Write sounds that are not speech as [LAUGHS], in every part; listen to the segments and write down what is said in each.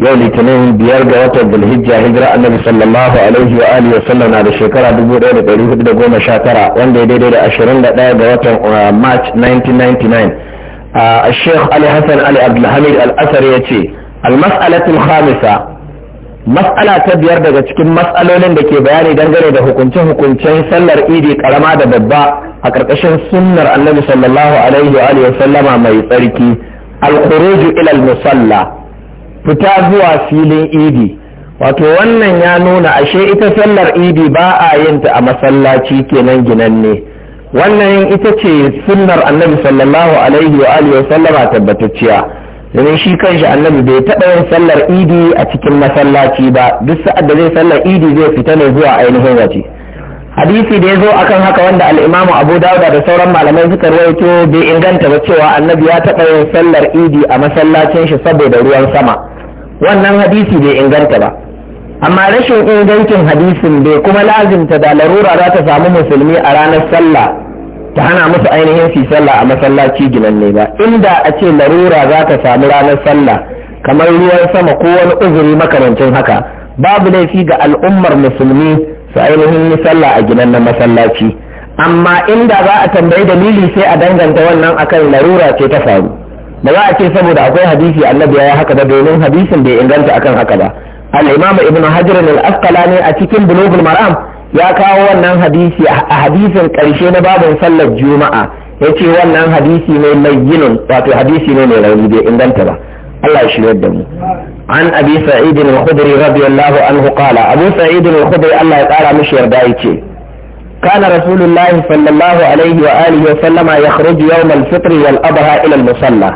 yau litinin biyar ga watan zulhijja hijira annabi sallallahu alaihi wa alihi wa sallam na da shekara 1419 wanda ya daidai da 21 ga watan uh, march 1999 uh, a sheikh ali hassan ali abdulhamid al-asar ya ce al-mas'alatul khamisa mas'ala ta biyar daga cikin mas'alolin da ke bayani dangane da hukunce-hukuncen sallar idi karama da babba a ƙarƙashin sunnar annabi sallallahu alaihi wa alihi wa sallama mai tsarki al-khuruju ila al-musalla fita zuwa filin idi wato wannan ya nuna ashe ita sallar idi ba a yin ta a masallaci kenan ginanne wannan ita ce sunnar annabi sallallahu alaihi wa alihi sallama tabbatacciya domin shi kanshi annabi bai taɓa yin sallar idi a cikin masallaci ba duk sa'ad da zai sallar idi zai fita ne zuwa ainihin waje hadisi da ya zo akan haka wanda al'imamu abu dauda da sauran malamai suka rawaito bai inganta ba cewa annabi ya taɓa yin sallar idi a masallacin shi saboda ruwan sama wannan hadisi bai inganta ba amma rashin ingancin hadisin bai kuma lazimta da larura za ta samu musulmi a ranar sallah ta hana musu ainihin su sallah a masallaci ne ba inda a ce larura za ta samu ranar sallah kamar ruwan sama ko wani uzuri makamancin haka babu laifi ga al'ummar musulmi su ainihin yi sallah a na masallaci amma inda za a tambayi dalili sai a danganta wannan akan larura ce ta faru ba za a ce saboda akwai hadisi annabi ya haka ba domin hadisin bai inganta akan haka ba al-imam ibn hajar al-asqalani a cikin bulughul maram ya kawo wannan hadisi a hadisin karshe na babin sallar juma'a yace wannan hadisi ne yinin wato hadisi ne mai rauni bai inganta ba Allah ya shirya da mu an abi sa'id al-khudri radiyallahu anhu qala abu sa'id al-khudri Allah ya kara mishi yarda yace كان رسول الله صلى الله عليه وآله وسلم يخرج يوم الفطر والأضحى إلى المصلى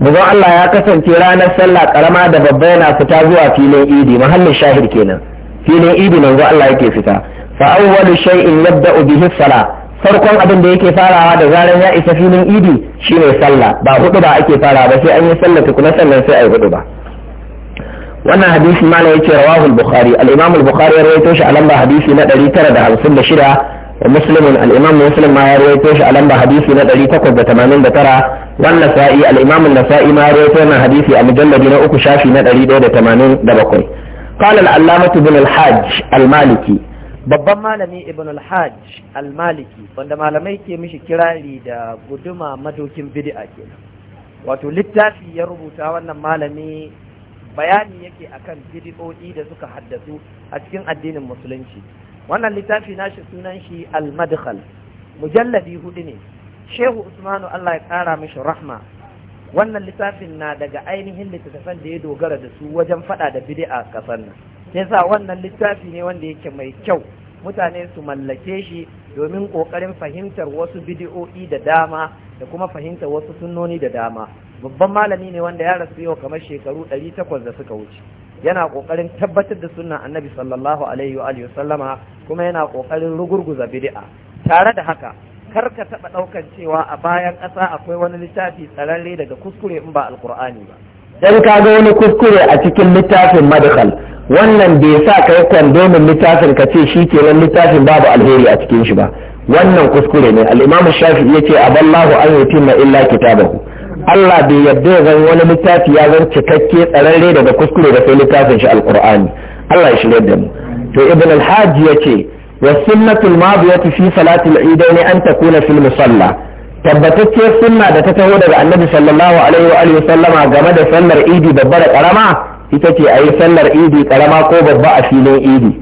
manzon Allah ya kasance ranar sallah karama da babba yana fita zuwa filin idi mahallin shahir kenan filin idi manzon Allah yake fita fa awwalu shay'in yabda'u bihi sala farkon abin da yake farawa da zaran ya isa filin idi shine sallah ba hudu ba ake farawa ba sai an yi sallah tukuna sannan sai ayi hudu ba wannan hadisi mala yake rawahu al-bukhari al-imam al-bukhari ya rawaito shi a lamba hadisi na 956 wa muslimin al-imam muslim ma ya rawaito shi a lamba hadisi na 889 wannan sa'i al-imam an-nasa'i ma rawaito wannan hadisi a mujalladi na uku shafi na 187 qala al-allamah ibn al-hajj al-maliki babban malami ibn al-hajj al-maliki wanda malamai ke mishi kirari da guduma madokin bid'a kenan wato littafi ya rubuta wannan malami bayani yake akan bid'o'i da suka haddasu a cikin addinin musulunci wannan littafi nashi sunan shi al-madkhal mujalladi hudu ne shehu usmanu allah ya kara mishi rahma wannan littafin na daga ainihin littattafan da ya dogara da su wajen faɗa da bid'a kasar nan yasa wannan littafi ne wanda yake mai kyau mutane su mallake shi domin kokarin fahimtar wasu bidi'o'i da dama da kuma fahimtar wasu sunnoni da dama babban malami ne wanda ya rasu yau kamar shekaru ɗari 800 da suka wuce yana kokarin tabbatar da sunan annabi sallallahu alaihi wa sallama kuma yana kokarin rugurguza bidi'a. tare da haka kar ka taɓa ɗaukan cewa a bayan ƙasa akwai wani littafi tsararre daga kuskure in ba alkur'ani ba dan ka ga wani kuskure a cikin littafin madakal wannan bai sa ka yi kwandomin littafin ka ce shi ke nan littafin babu alheri a cikin shi ba wannan kuskure ne al'imamu shafi ya ce aballahu an na illa kitabahu Allah bai yarda ya zan wani littafi ya zan cikakke tsararre daga kuskure da sai littafin shi alkur'ani Allah ya shirya da mu to ibn alhaji ya ce والسنة الماضية في صلاة العيدين أن تكون في المصلى tabbatacciyar sunna da ta taho daga annabi sallallahu alaihi wa alihi sallama game da sallar idi babba da karama ita ce a yi sallar idi karama ko babba a filin idi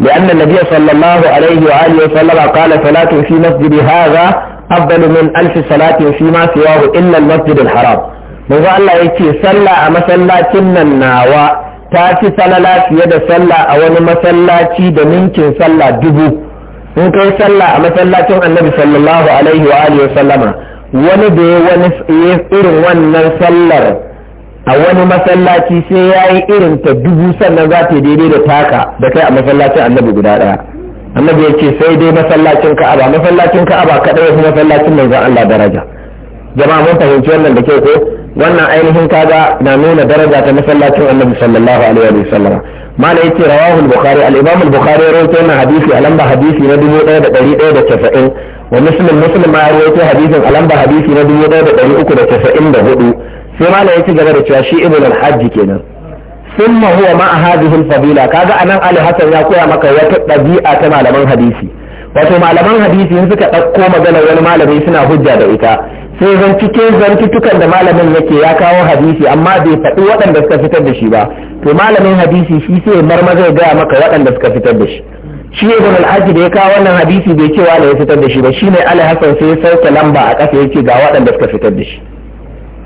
لأن النبي صلى الله عليه وآله وسلم قال صلاة في مسجد هذا أفضل من ألف صلاة فيما سواه إلا المسجد الحرام. ماذا الله يكي صلى أما صلى كنا ناوى ta fi salala fiye da sallah a wani masallaci da ninkin sallah dubu in kai sallah a masallacin annabi sallallahu alaihi wa alihi sallama wani da ya wani irin wannan sallar a wani masallaci sai ya yi irin ta dubu sannan za ta daidai da taka da kai a masallacin annabi guda daya annabi ya ce sai dai masallacin ka'aba masallacin ka'aba kaɗai ya fi masallacin manzon Allah daraja jama'a mun fahimci wannan da ke ko wannan ainihin kaga na nuna daraja ta masallacin annabi sallallahu alaihi wa sallam mala yace rawahu al-bukhari al-imam al-bukhari ya rawaito wannan hadisi a lamba hadisi na 1190 wa muslim muslim ma ya rawaito hadisin a lamba hadisi na 1394 sai mala yace gaba da cewa shi ibn al-hajj kenan ثم هو مع هذه الفضيلة كذا أنا على حسن يقول مكة وتبدأ بيئة مع لمن حديثي wato malaman hadisi in suka ɗauko maganar wani malami suna hujja da ita sai zan cikin zantutukan da malamin yake ya kawo hadisi amma bai faɗi waɗanda suka fitar da shi ba to malamin hadisi shi sai marmaza ya gaya maka waɗanda suka fitar da shi shi ibn al hajji da ya kawo wannan hadisi bai cewa ne ya fitar da shi ba shine ali hasan sai ya sauke lamba a ƙasa yake ga waɗanda suka fitar da shi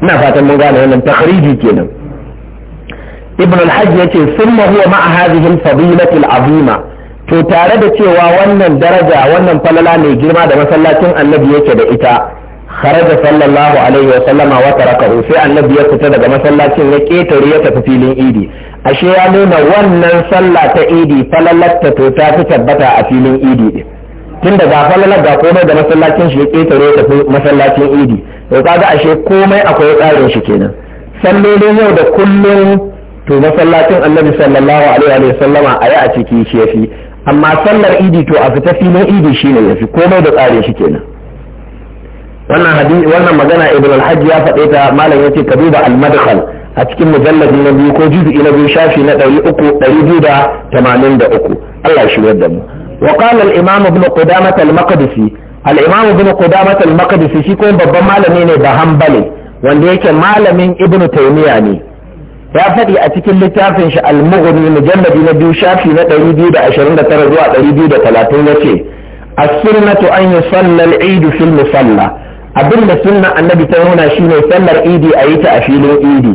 ina fatan mun gane wannan takhriji kenan ibn al-hajj yace summa huwa ma'a hadhihi al-fadilati al-azima to tare da cewa wannan daraja wannan falala mai girma da masallacin annabi yake da ita kharaja sallallahu alaihi wa sallama wa tarakahu sai annabi ya fita daga masallacin ya ketare ya tafi filin idi ashe ya nuna wannan sallah ta idi falalarta to ta fi tabbata a filin idi din tun da ga falalar ga komai da masallacin shi ya ketare ya tafi masallacin idi to kaga ashe komai akwai tsarin shi kenan sallolin yau da kullum to masallacin annabi sallallahu alaihi wa sallama a yi a ciki shi ya fi amma sallar idi to a fita filin idi shine fi komai da tsarin shi kenan wannan hadisi wannan magana ibn al-hajj ya faɗe ta malam yace ka duba al-madkhal a cikin mujalladi na biyu ko juz'i na biyu shafi na 383 Allah shi da mu wa qala al-imam ibn qudamah al-maqdisi al-imam ibn qudamah al-maqdisi shi ko babban malami ne da hanbali wanda yake malamin ibn taymiya ne ya faɗi a cikin littafin shi al mujalladi na biyu shafi na 229 zuwa 230 yace as-sunnatu an yusalla al-eid fil musalla abin da sunna annabi ta nuna shine sallar idi a yi ta a filin idi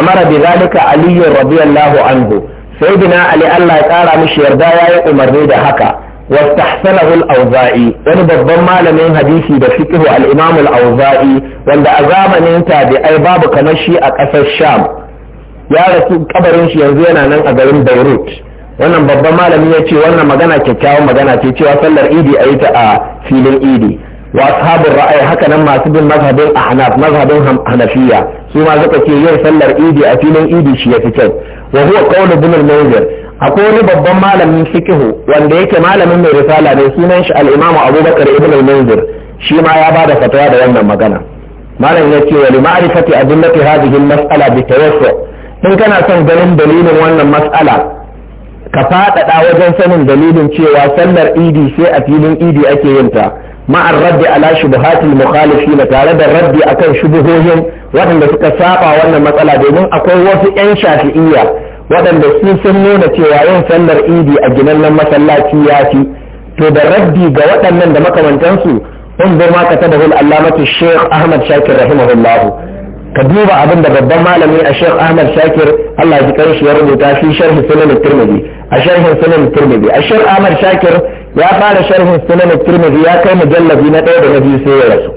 amara bi zalika ali radiyallahu anhu sayyidina ali Allah ya kara mishi yarda yayi umarni da haka واستحسنه الأوزائي ونبضل ما لمن حديثي بفكه wanda a zamanin tabi'ai babu kamar shi a ƙasar sham. ya rasu kabarin shi yanzu yana nan a garin beirut wannan babban malami ya ce wannan magana kyakkyawan magana ce cewa sallar idi a yi ta a filin idi wa ashabin ra'ayi haka nan masu bin mazhabin ahnaf mazhabin hanafiya su ma suka ce yin sallar idi a filin idi shi ya fi kyau wa huwa qawlu ibn al-munzir akwai wani babban malamin fikihu wanda yake malamin mai risala ne sunan shi al-imamu abubakar ibn al-munzir shi ma ya bada fatawa da wannan magana malam ya ce wa li ma'rifati adillati hadhihi al-mas'ala bi tawassu in kana son ganin dalilin wannan matsala ka faɗaɗa wajen sanin dalilin cewa sallar idi sai a filin idi ake yin ta ma'ar raddi ala shubuhatil mukhalifin tare da raddi akan shubuhohin waɗanda suka saba wannan matsala domin akwai wasu 'yan shafi'iyya waɗanda su sun nuna cewa yin sallar idi a ginannen masallaci ya fi to da raddi ga waɗannan da makamantansu in ma ka tabahul allamatu shekh ahmad shakir rahimahullahu ka duba abin da babban malami a Sheikh Ahmad Shakir Allah ya kai shi ya rubuta shi sharh sunan Tirmidhi a sharhin sunan Tirmidhi a Sheikh Ahmad Shakir ya fara sharhin sunan Tirmidhi ya kai mujallabi na ɗaya da na biyu sai ya rasu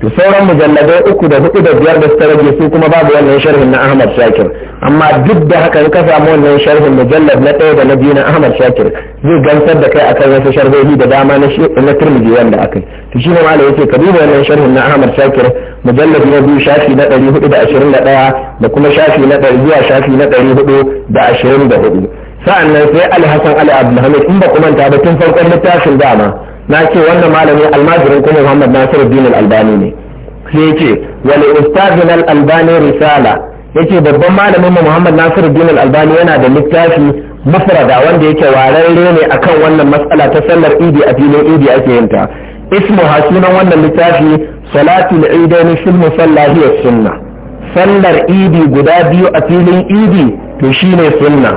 to sauran mujallabai uku da hudu da biyar da suka rage su kuma babu wannan sharhin na Ahmad Shakir amma duk da haka in ka samu wannan sharhin mujallab na ɗaya da na biyu na Ahmad Shakir zai gamsar da kai akan wasu sharhohi da dama na Tirmidhi wanda akai to shi ne malai yake ka duba wannan sharhin na Ahmad Shakir mujallad na biyu shafi na 421 da kuma shafi na 100 zuwa shafi na 424 sa'annan sai ali hassan Ali Abdulhamid in ba ku manta ba tun farkon littafin dama na ce wannan malami almajirin kuma Muhammad Nasiruddin Al-Albani ne sai yace wal ustadin Al-Albani risala yake babban malamin mu Muhammad Nasiruddin Al-Albani yana da littafi mufrada wanda yake wararre ne akan wannan matsala ta sallar idi a filin idi ake yin ta ismuha sunan wannan littafi salatul idaini fil musalla hiya sunna sallar idi guda biyu a filin idi to shine sunna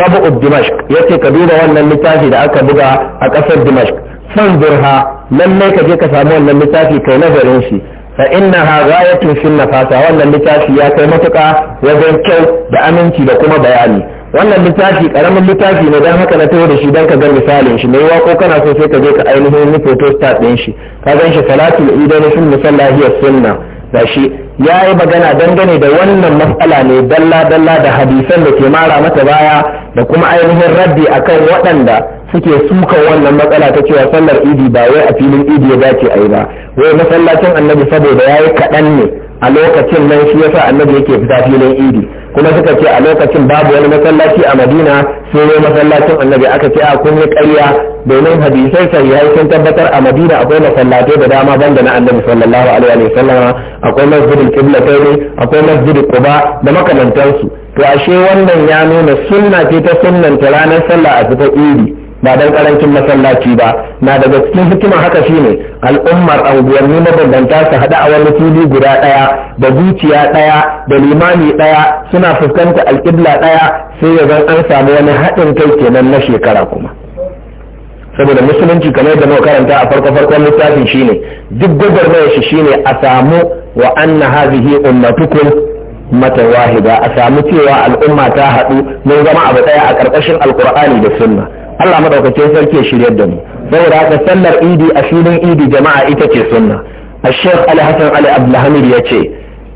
tabu dimashq yace ka duba wannan littafi da aka buga a kasar dimashq fanzurha lallai ka je ka samu wannan littafi kai nazarin shi fa innaha ghayatun fil nafasa wannan littafi ya kai matuka wajen kyau da aminci da kuma bayani wannan littafi karamin littafi ne don haka na taho da shi don ka ga misalin shi mai wako kana so sai ka je ka ainihin ni photostat ɗin shi ka gan shi salatul idan fil musalla hiya sunna da shi ya yi magana dangane da wannan matsala ne dalla dalla da hadisan da ke mara mata baya da kuma ainihin raddi akan waɗanda suke sukan wannan matsala ta cewa sallar idi ba wai a filin idi ya dace a yi ba wai masallacin annabi saboda ya yi kaɗan ne a lokacin nan shi yasa annabi yake fita filin idi kuma suka ce a lokacin babu wani masallaci a madina sai ne masallacin annabi aka ce a kun yi ƙarya domin hadisai sahihai sun tabbatar a madina akwai masallatai da dama banda na annabi sallallahu alaihi wa sallam akwai masjidul ne akwai masjidul quba da makamantansu to ashe wannan ya nuna sunna ce ta sunnanta ranar sallah a fita idi ba don karancin masallaci ba na daga cikin hikima haka shine al'ummar anguwanni mabambanta su haɗu a wani fili guda ɗaya da zuciya ɗaya da limami ɗaya suna fuskantar alƙibla ɗaya sai ya zan an samu wani haɗin kai kenan na shekara kuma saboda musulunci kamar da muka karanta a farko farkon littafin shine duk gwagwarmaya shi shine a samu wa anna hazihi ummatukum mata wahida a samu cewa al'umma ta haɗu mun zama abu ɗaya a ƙarƙashin alƙur'ani da sunna Allah madaukake sarki shiryar da mu saboda haka sallar idi a filin idi jama'a ita ce sunna A sheikh ali hasan ali ya ce.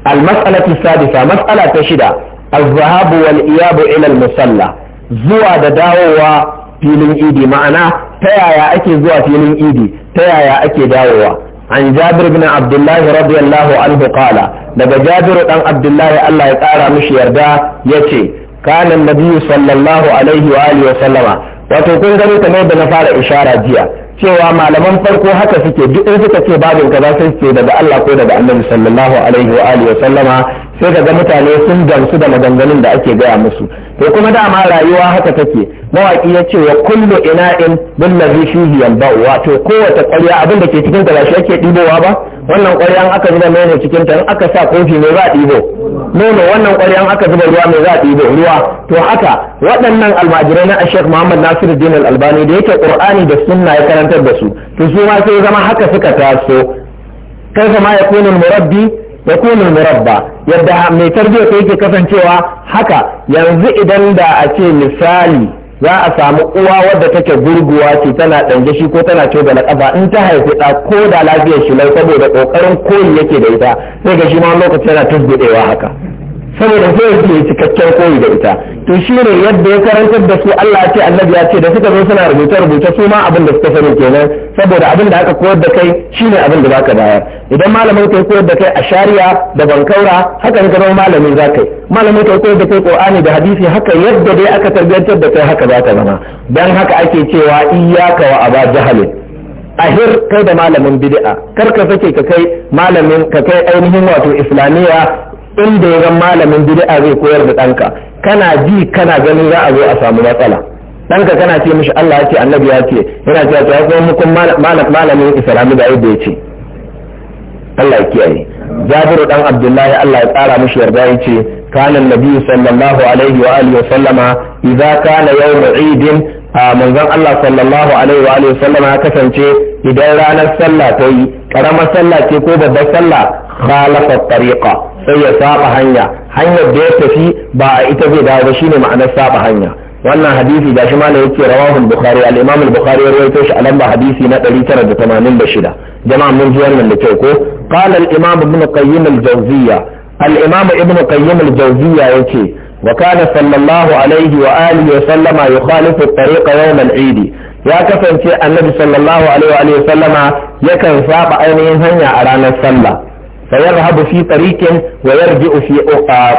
al-mas'alatu sadisa mas'ala ta shida al-zahab wal iyab ila al-musalla zuwa da dawowa filin idi ma'ana ta yaya ake zuwa filin idi ta yaya ake dawowa عن جابر بن عبد الله رضي الله عنه قال لما جابر بن عبد الله الله يقارى مش يردى يتي كان النبي صلى الله عليه وآله wato kun gani kamar da na fara ishara jiya cewa malaman farko haka suke duk in suka ce babin kaza sai suke daga Allah ko daga Annabi sallallahu alaihi wa alihi sallama sai kaga mutane sun gamsu da maganganun da ake gaya musu to kuma dama rayuwa haka take mawaki ya ce wa kullu ina'in billazi fihi yanba wato kowace ƙwarya abin da ke cikin ta ba shi ake dibowa ba wannan ƙwaryan aka zuba nono cikin ta in aka sa kofi ne za a ɗibo nono wannan an aka zuba ruwa mai za a ɗibo ruwa to haka waɗannan almajirai na ashek muhammad nasiru din albani da yake kur'ani da sunna ya karantar da su to su ma sai zama haka suka taso kai ma ya kunun murabbi ya mu murabba yadda mai tarbiyya ta yake kasancewa haka yanzu idan da a ce misali za a samu uwa wadda take gurguwa ce tana ɗange shi ko tana coga na ƙafa in ta haifi ɗa ko da lafiyar shi mai saboda ƙoƙarin koyi yake da ita sai ga shi ma lokacin yana tusbuɗewa haka saboda sai yi cikakken koyi da ita to shine yadda ya karantar da su Allah ce annabi ya ce da suka zo suna rubuta rubuta su ma abin da suka sani kenan saboda abin da aka koyar da kai shine abin da zaka bayar idan malamin kai koyar da kai a shari'a da bankaura hakan ka zama malamin zaka yi malamin kai koyar da kai qur'ani da hadisi haka yadda dai aka tarbiyantar da kai haka zaka zama dan haka ake cewa iyyaka wa aba jahalin ahir kai da malamin bid'a kar ka sake ka kai malamin ka kai ainihin wato islamiyya inda ya malamin bid'a zai koyar da ɗanka kana ji kana ganin za a zo a samu matsala ɗanka kana ce mishi Allah ya ce annabi ya ce yana cewa to ya kuma mukun malamin islami da yadda ya ce Allah ya kiyaye Jabiru dan Abdullahi Allah ya tsara mishi yarda ya ce kana annabi sallallahu alaihi wa alihi wa sallama idza kana yawm idin a manzon Allah sallallahu alaihi wa alihi sallam ya kasance idan ranar sallah ta yi karamar sallah ce ko babbar sallah khalafa tariqa sai ya saba hanya hanyar da ya tafi ba a ita zai dawo ba shine ma'anar saba hanya wannan hadisi gashi malam yake rawahul bukhari al-imam al-bukhari ya rawaito shi a lamba hadisi na 986 jama'a mun ji wannan da kyau ko qala al-imam ibn qayyim al-jawziyya al-imam ibn qayyim al-jawziyya wa kana sallallahu alaihi wa alihi wa sallama yukhalifu at-tariqa yawm al-eid ya kasance annabi sallallahu alaihi wa wa sallama yakan saba ainihin hanya a ranar sallah fayarhabu fi tariqin wayar yarji'u fi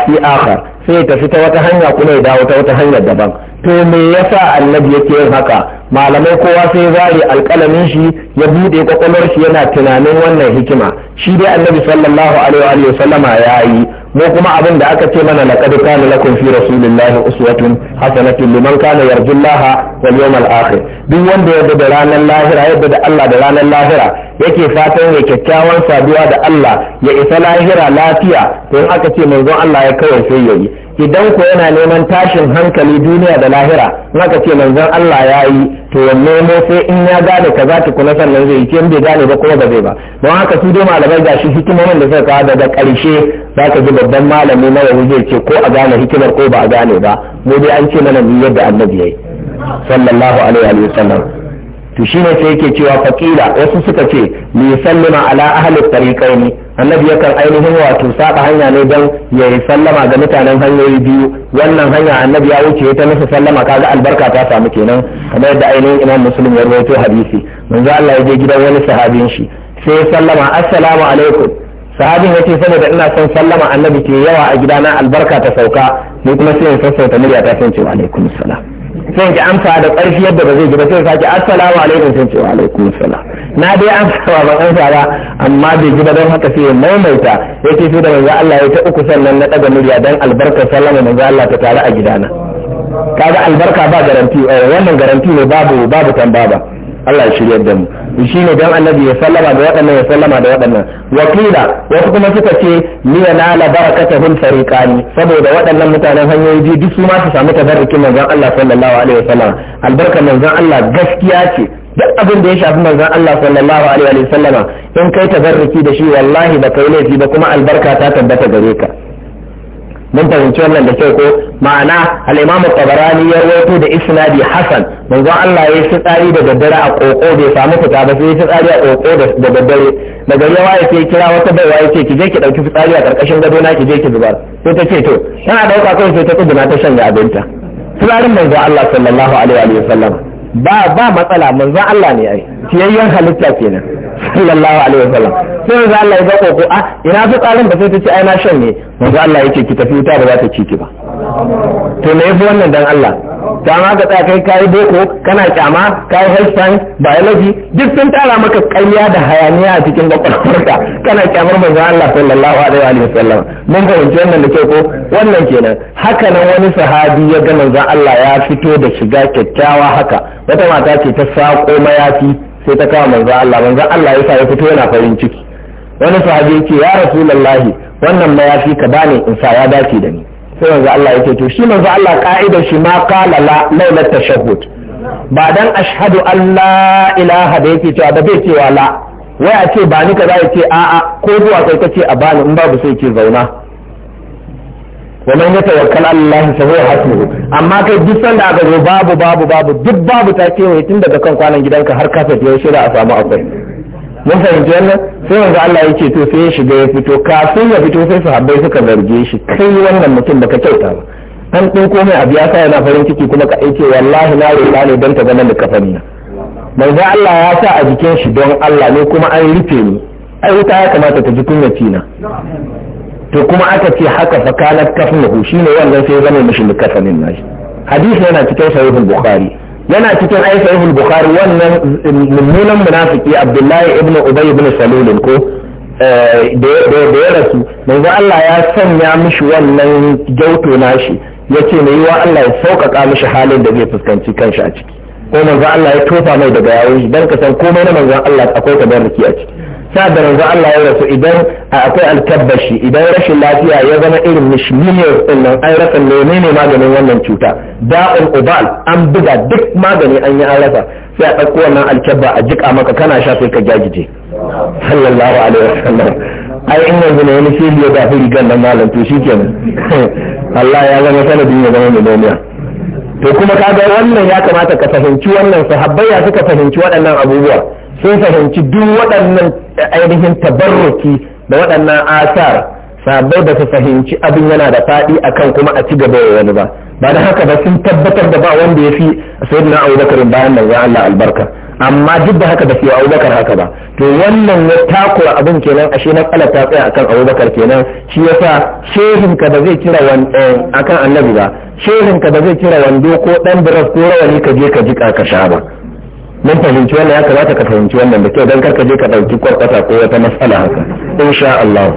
fi akhar sai tafi ta wata hanya kuma ya dawo ta wata hanya daban to me yasa annabi yake yin haka malamai kowa sai zare alƙalamin shi ya bude kwakwalwar shi yana tunanin wannan hikima shi dai annabi sallallahu alaihi wa sallama yayi mu kuma abin da aka ce mana laqad kana lakum fi rasulillahi uswatun hasanatun liman kana yarjullaha wal yawmal akhir duk wanda ya da ranar lahira yadda da Allah da ranar lahira yake fatan ya kyakkyawan saduwa da Allah ya isa lahira lafiya to in aka ce manzon Allah ya kawai sai yayi idan ku yana neman tashin hankali duniya da lahira maka ce manzon Allah ya yi to wanne ne sai in ya gane ka kaza kula sannan zai yi ce bai gane ba kuma ba zai ba don haka su dai malamai gashi hikimomin da suka kawo daga za zaka ji babban malami na yanzu zai ce ko a gane hikimar ko ba a gane ba mu dai an ce mana ni yadda annabi yayi sallallahu alaihi wa sallam to ne sai yake cewa fakila wasu suka ce li sallama ala ahli ne annabi yakan ainihin wato saba hanya ne dan ya sallama ga mutanen hanyoyi biyu wannan hanya annabi ya wuce ta musu sallama kaga albarka ta samu kenan kamar yadda ainihin imam muslim ya rawaito hadisi manzo Allah ya je gidan wani sahabin shi sai ya sallama assalamu alaikum sahabin yace saboda ina son sallama annabi ke yawa a gidana albarka ta sauka ni kuma sai ya sassauta murya ta san ce wa alaikum salam sai ki amsa da ƙarfi yadda ba zai ji ba sai sake assalamu alaikum sai ce wa alaikum salam na dai amsa ba ban amsa ba amma bai ji ba don haka sai ya maimaita ya ce da manzo Allah ya ta uku sannan na daga murya dan albarkar sallama manzo Allah ta tare a gidana kaga albarka ba garanti eh, wannan garanti ne babu babu tambaba Allah ya shiryar da mu shi ne don annabi ya sallama da waɗannan ya sallama da waɗannan wakila wasu kuma suka ce ni ya nala barakatahum fariqani saboda waɗannan mutanen hanyoyi biyu duk su ma su samu tabarrukin manzon Allah sallallahu alaihi wasallam albarkar manzon Allah gaskiya ce duk abin da ya shafi manzon Allah sallallahu alaihi wasallam in kai tabarruki da shi wallahi ba kai laifi ba kuma albarka ta tabbata gare ka mun fahimci wannan da kyau ko ma'ana al-imam tabarani ya rawaito da isnadi hasan manzon Allah ya yi tsari da daddare a ƙoƙo bai samu fita ba sai ya tsari a ƙoƙo da daddare daga yawa ya ce kira wata baiwa ya ce ki je ki ɗauki fitsari a karkashin gado na ki je ki zubar sai ta ce to tana dauka kai sai ta na ta shanya abinta fitsarin manzon Allah sallallahu alaihi wa sallam ba ba matsala manzon Allah ne ai ciyayyen halitta kenan sallallahu alaihi wasallam sai manzo Allah ya bako ko a ah, ina fitsarin da sai ta ce ai na shan ne manzo Allah yake ki tafi wuta ba za ta ci ki ba to me yafi wannan dan Allah ta ma ka tsaya kai kai boko kana kyama kai health science biology duk sun tara maka kalliya da hayaniya a cikin kwakwalwarka kana kyamar manzo Allah sallallahu alaihi wasallam mun fahimci wannan da ke ko wannan kenan haka nan wani sahabi ya ga manzo Allah ya fito da shiga kyakkyawa haka wata mata ce ta sako mayafi sai ta kama manzo Allah manzo Allah ya sa ya fito yana farin ciki wani sahabi yake ya rasulullahi wannan mayafi ka bani in sa ya dace da ni sai manzo Allah yake to shi manzo Allah ka'idar shi ma qala la laula tashahhud ba dan ashhadu an la ilaha da yake cewa da bai cewa la wai ace ce ba ni kaza ce a'a ko zuwa kai kace a bani in babu sai ke zauna wa man yatawakkal ala Allah fa huwa amma kai duk sanda aka zo babu babu babu duk babu ta kewaye tun daga kan kwanan gidanka har ka tafi shirya a samu akwai mun fahimci wannan sai wanda Allah ya ce to sai ya shiga ya fito kafin ya fito sai habbai suka zarge shi kai wannan mutum da ka kyauta ba an ɗin komai abu ya sa yana farin ciki kuma ka aike wallahi na roƙa ne don ta zama da kafani na manzo Allah ya sa a jikin shi don Allah ne kuma an rufe ni ai wuta ya kamata ta ji kunya na to kuma aka ce haka fa kana kafnuhu shine wannan sai zama mishi likafanin nashi hadisi yana cikin sahihul bukhari yana cikin ai sahihul bukhari wannan mummunan munafiki abdullahi ibn ubay ibn salul ko eh, da ya rasu manzo Allah ya sanya mishi wannan gyauto nashi ya ce mai yiwa Allah ya sauƙaƙa mishi halin da zai fuskanci kanshi a ciki ko manzo Allah ya tofa mai daga yawon shi don ka san komai na manzo Allah akwai tabarruki a ciki sa da manzo Allah ya rasu idan akwai alkabbashi idan rashin lafiya ya zama irin mishmiyar din nan an rasa ne maganin wannan cuta da'un ubal an buga duk magani an yi an rasa sai a ɗauko wannan alkabba a jika maka kana sha sai ka jajije sallallahu alaihi wasallam ai in yanzu ne wani fili ya gafi rigar nan malam to shikenan [LAUGHS] Allah ya zama sanadin ya zama nomiya. to kuma kaga wannan ya kamata ka fahimci wannan sahabbai ya suka fahimci waɗannan abubuwa sun fahimci duk waɗannan ainihin tabarruki da waɗannan asar sabai ba su fahimci abin yana da faɗi akan kuma a ci gaba da wani ba ba da haka ba sun tabbatar da ba wanda ya fi sayyidina abubakar bayan nan ya Allah albarka amma duk da haka ba su yi abubakar haka ba to wannan ya takura abin kenan ashe na kala ta tsaya akan abubakar kenan shi yasa sa ka ba zai kira eh, annabi ba shehin ka ba zai kira wando ko dan biras ko rawani ka je ka jika ka sha ba mun fahimci wannan ya kamata ka fahimci wannan da kyau don karka je ka ɗauki kwarkwata ko wata matsala haka insha Allah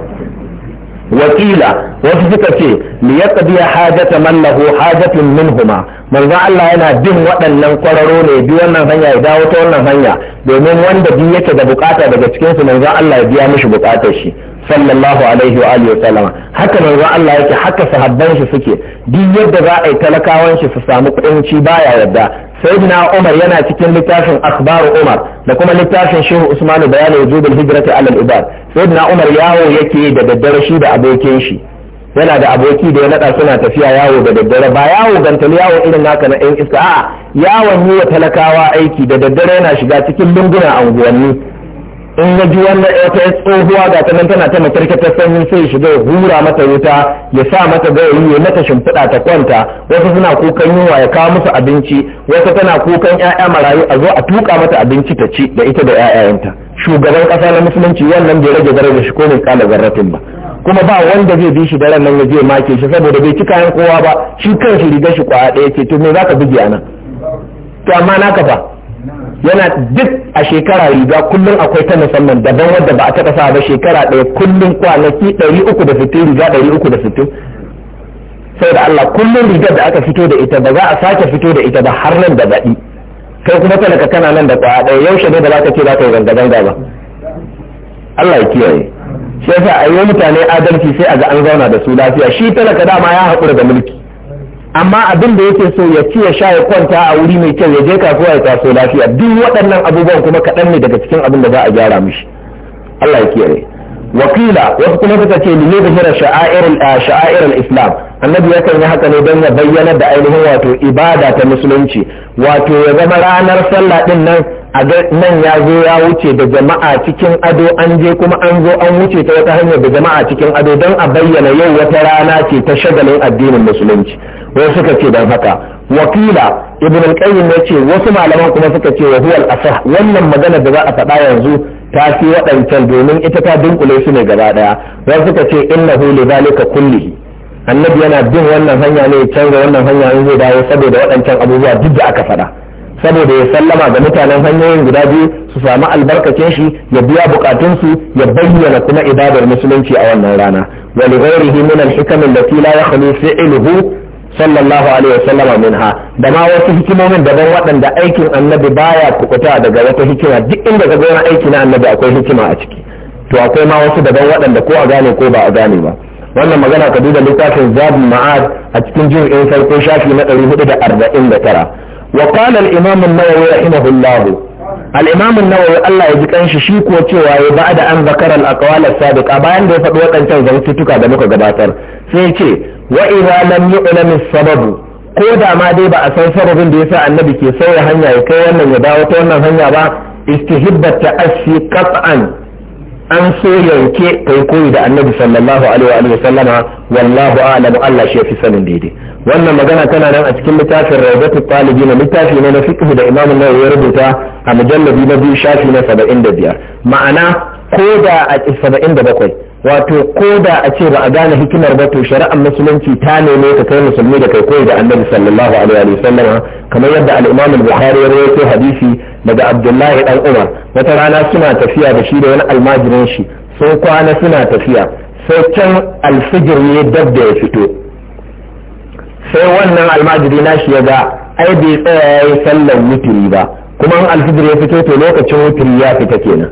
wakila wasu suka ce li yaqdi hajata man lahu hajatun minhuma manzo Allah yana bin waɗannan kwararo ne bi wannan hanya ya dawo ta wannan hanya domin wanda bi yake da bukata daga cikin su manzo Allah ya biya mishi bukatar shi sallallahu alaihi wa alihi sallama haka manzo Allah yake haka sahabban shi suke duk yadda za a yi talakawan shi su samu ci baya yadda sayyidina Umar yana cikin littafin akhbar Umar da kuma littafin Shehu Usman bayanu wujubul hijrati alal ibad sayyidina Umar yawo yake da daddare shi da abokin shi yana da aboki da ya naɗa suna tafiya yawo da daddare ba yawo gantali yawo irin naka na yan iska a'a yawon yi wa talakawa aiki da daddare yana shiga cikin lunguna anguwanni in ya ji wannan wata tsohuwa ga ta nan tana ta makarkatar sanyi sai shiga ya hura mata wuta ya sa mata gawayi ya mata shimfiɗa ta kwanta wasu suna kukan yunwa ya kawo musu abinci wasu tana kukan 'ya'ya marayu a zo a tuƙa mata abinci ta ci da ita da 'ya'yanta shugaban ƙasa na musulunci wannan bai rage darajar shi ko mai kala zarratin ba kuma ba wanda zai bi shi da nan ya je make shi saboda bai ci kayan kowa ba shi kan shi riga shi kwaya ɗaya ce to me zaka bugi anan to amma naka fa yana duk a shekara riga kullum akwai ta musamman daban wadda ba a taɓa sa ba shekara ɗaya kullum kwanaki ɗari uku da sittin riga ɗari uku da sittin saboda Allah kullum rigar da aka fito da ita ba za a sake fito da ita ba har nan da baɗi kai kuma talaka kana nan da kwaya ɗaya yaushe ne da za ka ce za ka yi zanga ba Allah ya kiyaye Sai yasa a yi mutane adalci sai a ga an zauna da su lafiya shi talaka dama ya haƙura da mulki amma abin da yake so ya ci ya sha ya kwanta a wuri mai kyau ya je kasuwa ya taso lafiya duk waɗannan abubuwan kuma kaɗan ne daga cikin abin da za a gyara mishi Allah ya kiyaye wakila wasu kuma suka ce lille da shira sha'air al-islam annabi yakan yi haka ne don ya bayyana da ainihin wato ibada ta musulunci wato ya zama ranar sallah din nan a nan ya zo ya wuce da jama'a cikin ado an je kuma an zo an wuce ta wata hanyar da jama'a cikin ado don a bayyana yau wata rana ce ta shagalin addinin musulunci wasu suka ce don haka wakila ibn al-qayyim ya ce wasu malaman kuma suka ce wa huwal asah wannan magana da za a faɗa yanzu ta fi waɗancan domin ita ta dunkule su ne gaba ɗaya wasu suka ce innahu li zalika kullihi annabi yana bin wannan hanya ne ya canza wannan hanya ne zai dawo saboda waɗancan abubuwa duk da aka faɗa saboda ya sallama ga mutanen hanyoyin guda biyu su samu albarkacin shi ya biya bukatunsu ya bayyana kuma ibadar musulunci a wannan rana wa li ghairihi min al hikam allati la yakhlu fi'luhu sallallahu alaihi wasallam minha da ma wasu hikimomin daban waɗanda aikin annabi baya kukuta daga wata hikima duk inda ka ga aiki na annabi akwai hikima a ciki to akwai ma wasu daban waɗanda ko a gane ko ba a gane ba wannan magana ka duba littafin zab ma'ad a cikin jirgin farko shafi na 449 wa qala al imam an-nawawi rahimahullah al imam an-nawawi Allah ya ji kanshi shi ko cewa ya ba da an zakara al aqwal as-sabiqa bayan da ya faɗi wadancan zantutuka da muka gabatar sai ce wa idza lam yu'lam as-sababu ko da ma dai ba a san sababin da yasa annabi ke sauya hanya ya kai wannan ya dawo ta wannan hanya ba istihibbat ta'assi qat'an an so yanke kai koyi da annabi sallallahu alaihi wa sallama wallahu a'lamu Allah shi yafi sanin daidai wannan magana tana nan a cikin littafin Rawdatu Talibin littafi ne na fiqh da Imam Nawawi ya rubuta a mujalladi na biyu shafi na 75 ma'ana koda a 77 wato koda a ce ba a gane hikimar ba to shari'ar musulunci ta neme ta kai musulmi da kai koyi da annabi sallallahu alaihi wa sallama kamar yadda al-Imam al-Bukhari ya rawaito hadisi daga abdullahi dan umar wata rana suna tafiya da shi da wani almajirin shi sun kwana suna tafiya sai can alfijir ne dab da ya fito sai wannan almajiri na shi ya ga ai bai tsaya ya yi sallar wutiri ba kuma in alfijir ya fito to lokacin wutiri ya fita kenan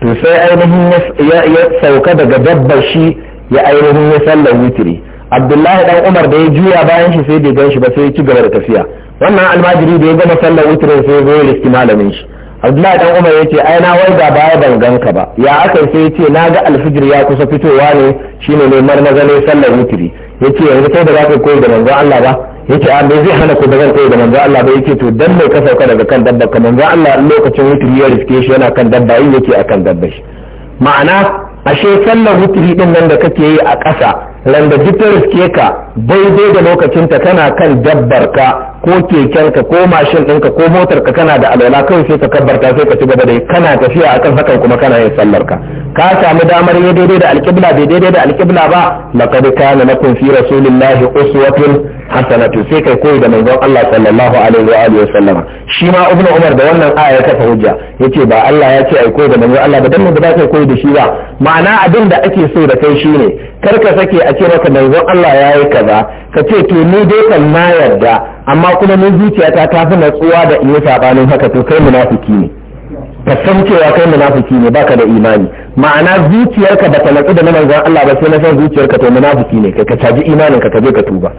to sai ainihin ya sauka daga dabbar shi ya ainihin ya sallar wutiri abdullahi dan umar da ya juya bayan shi sai bai gan shi ba sai ya ci gaba da tafiya wannan almajiri da ya gama sallar wutirin sai zo ya riski malamin shi abdullahi dan umar ya ce ai na waiga baya ban ka ba ya aka sai ya ce na ga alfijir ya kusa fitowa ne shine ne mar sallar wutiri ya ce yanzu kai da za ka koyi da manzo Allah ba ya ce me zai hana ku da zan koyi da manzo Allah ba ya ce to dan mai ka sauka daga kan dabba ka manzo Allah lokacin wutiri ya riske shi yana kan dabba yin yake akan dabba shi ma'ana ashe sallar wutiri din nan da kake yi a ƙasa randa duk ta riske ka daidai da lokacinta kana kan dabbar ka ko ka ko mashin ɗinka ko motar ka kana da alwala kawai sai ka kabbarta sai ka ci gaba da kana tafiya akan hakan kuma kana yin sallar ka ka samu damar yi daidai da alƙibla bai daidai da alƙibla ba laqad kana lakum fi rasulillahi uswatun hasanatu sai kai koyi da manzon Allah sallallahu alaihi wa alihi wasallama shi ma ibnu umar da wannan aya ya kafa hujja yace ba Allah ya ce ai koyi da manzon Allah ba dan ba za ka koyi da shi ba ma'ana abin da ake so da kai shine kar ka sake a a ce maka manzon Allah ya yi kaza ka ce to ni dai kan na yarda amma kuma ni zuciyata ta fi natsuwa da in yi sabanin haka to kai munafiki ne ka san cewa kai munafiki ne baka da imani ma'ana zuciyarka bata natsu da na manzon Allah ba sai na san zuciyarka to munafiki ne kai ka caji imanin ka ka je ka tuba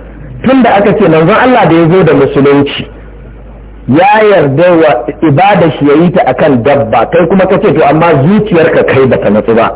tun da aka ce manzon Allah da ya zo da musulunci ya yarda wa ibada shi yayi ta akan dabba kai kuma kace to amma zuciyarka kai bata natsu ba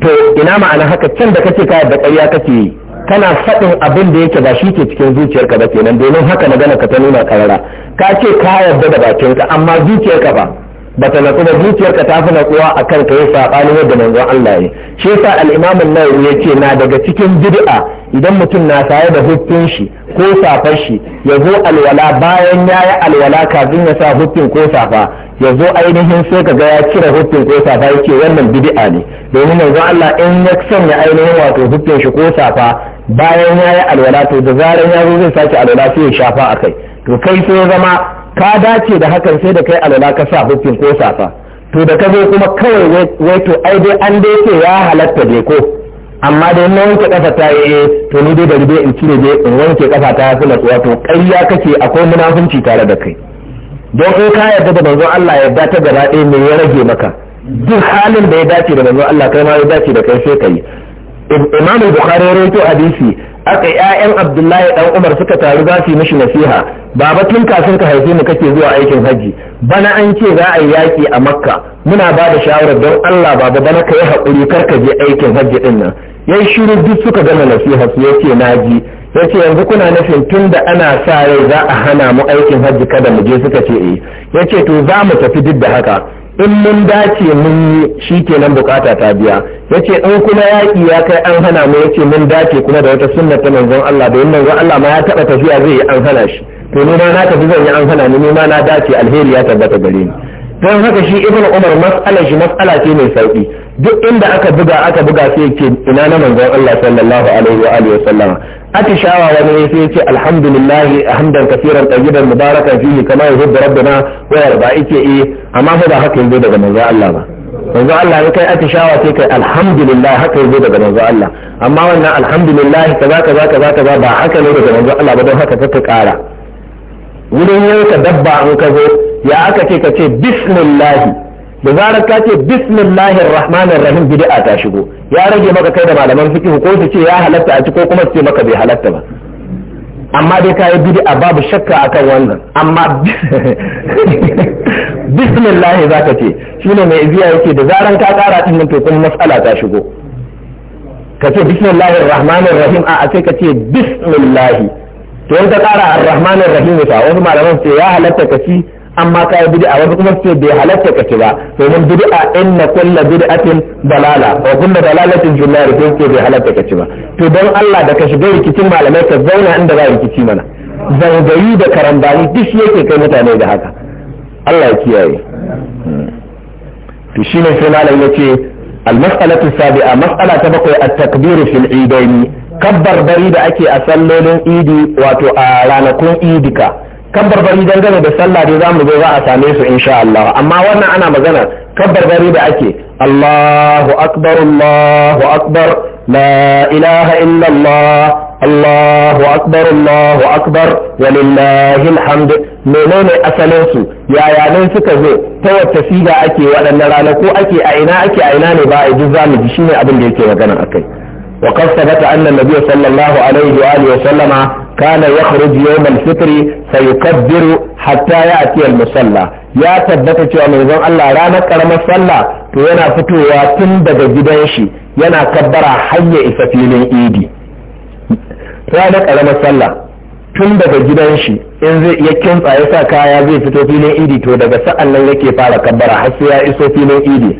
to ina ma'ana haka can da kace ka da ƙarya kake yi kana faɗin abin da yake ba shi ke cikin zuciyarka ba kenan domin haka magana ka ta nuna karara ka ce ka yarda da bakinka amma zuciyarka ba bata ta natsu ba zuciyarka ta fi natsuwa a kan ka yi saɓanin yadda manzon Allah ya shi yasa al'imamin nan ya ce na daga cikin bid'a idan mutum na saye da hutun shi ko safar shi ya zo alwala bayan ya yi alwala kafin ya sa hutun ko safa ya zo ainihin sai ka ga ya cire hutun ko safa ya ce wannan bid'a ne domin manzon Allah in ya sanya ainihin wato hutun shi ko safa bayan ya yi alwala to da zaran ya zo zai sake alwala sai ya shafa a kai to kai sai zama ka dace da hakan sai da kai alala ka sa hukun ko safa to da ka zo kuma kawai wai to ai dai an dai ce ya halatta dai ko amma dai na wanke kafa ta yi eh, to ni dai bari dai in cire dai in wanke kafa ta fi natsuwa to ƙarya kake akwai munafunci tare da kai don in ka yarda da manzon Allah ya ta gaba ɗaya me ya rage maka duk halin da ya dace da manzon Allah kai ma ya dace da kai sai kai Imam Bukhari ya rawaito hadisi aka ƴaƴan abdullahi dan umar suka taru za su yi mishi nasiha baba tun kafin ka haife mu kake zuwa aikin hajji bana an ce za a yi yaƙi a makka muna ba da shawarar don allah baba bana ka yi haƙuri kar ka je aikin hajji din nan shiru duk suka gama nasiha su yace naji yace yanzu kuna nufin tun da ana sa rai za a hana mu aikin hajji kada mu je suka ce eh yace to za mu tafi duk da haka in mun dace mun yi shi kenan bukata ta biya yace in kuma yaƙi ya kai an hana mu yace mun dace kuma da wata sunna ta manzon Allah yin manzon Allah ma ya taɓa tafiya zai yi an hana shi to ni ma na tafi zan yi an hana ni ni ma na dace alheri ya tabbata gare ni don haka shi ibn umar mas'ala shi mas'ala ce mai sauki duk inda aka buga aka buga sai ce ina na manzon Allah sallallahu alaihi wa alihi wasallama atishawa wani ne sai ce alhamdulillah hamdan kafiran tayyiban mubarakan fihi kama yuhibbu rabbuna wa yarda yake eh amma fa ba haka yanzu daga manzon Allah ba manzon Allah ne kai atishawa sai kai alhamdulillah haka yanzu daga manzon Allah amma wannan alhamdulillah kaza kaza kaza kaza ba haka ne daga manzon Allah ba don haka ta kara wurin yanka dabba an ka zo ya aka ce ka ce bismillah da zarar ka ce bismillahir rahmanir rahim bid'a ta shigo ya rage maka kai da malaman fiqh ko su ce ya halatta a ci ko kuma su ce maka bai halatta ba amma dai kai bid'a babu shakka akan wannan amma [LAUGHS] bismillah zaka ce shine mai iziya yake da zarar ka kara din nan to kuma matsala ta shigo ka ce bismillahir rahmanir rahim a sai ka ce bismillah to in ka kara ar rahmanir rahim ta wasu malaman ce ya halatta ka ci amma kai bid'a wasu kuma suke bai halatta kace ba domin bid'a inna kullu bid'atin dalala wa kullu dalalatin fil sai bai halatta kace ba to don Allah da ka shiga rikicin malamai ka zauna inda ba rikici mana zangayi da karambani duk yake kai mutane da haka Allah ya kiyaye hmm. to shine sai malam yace المسألة السابعة مسألة تبقى bari da ake كبر بريد idi wato إيدي وتعالى نكون idika. kan barbari dangane da sallah dai zamu zo za a same su insha Allah amma wannan ana magana kan barbari da ake Allahu akbar Allahu akbar la ilaha illa Allah Allahu akbar Allahu akbar walillahi alhamd menene asalin su yaya ne suka zo ta wacce siga ake waɗannan ranaku ake a ina ake a ina ne ba a duk zamu ji shine abin da yake magana akai وقد ثبت أن النبي صلى الله عليه wa sallama. kana yakhruj yawm al-fitr fa yukabbiru ya ya'ti musalla ya tabbata cewa manzon Allah ranar karamar sallah to yana fitowa tun daga gidan shi yana kabbara idi ranar tun daga gidan shi in zai iya ya sa kaya zai fito filin idi to daga sa'an nan yake fara kabbara har sai ya iso filin idi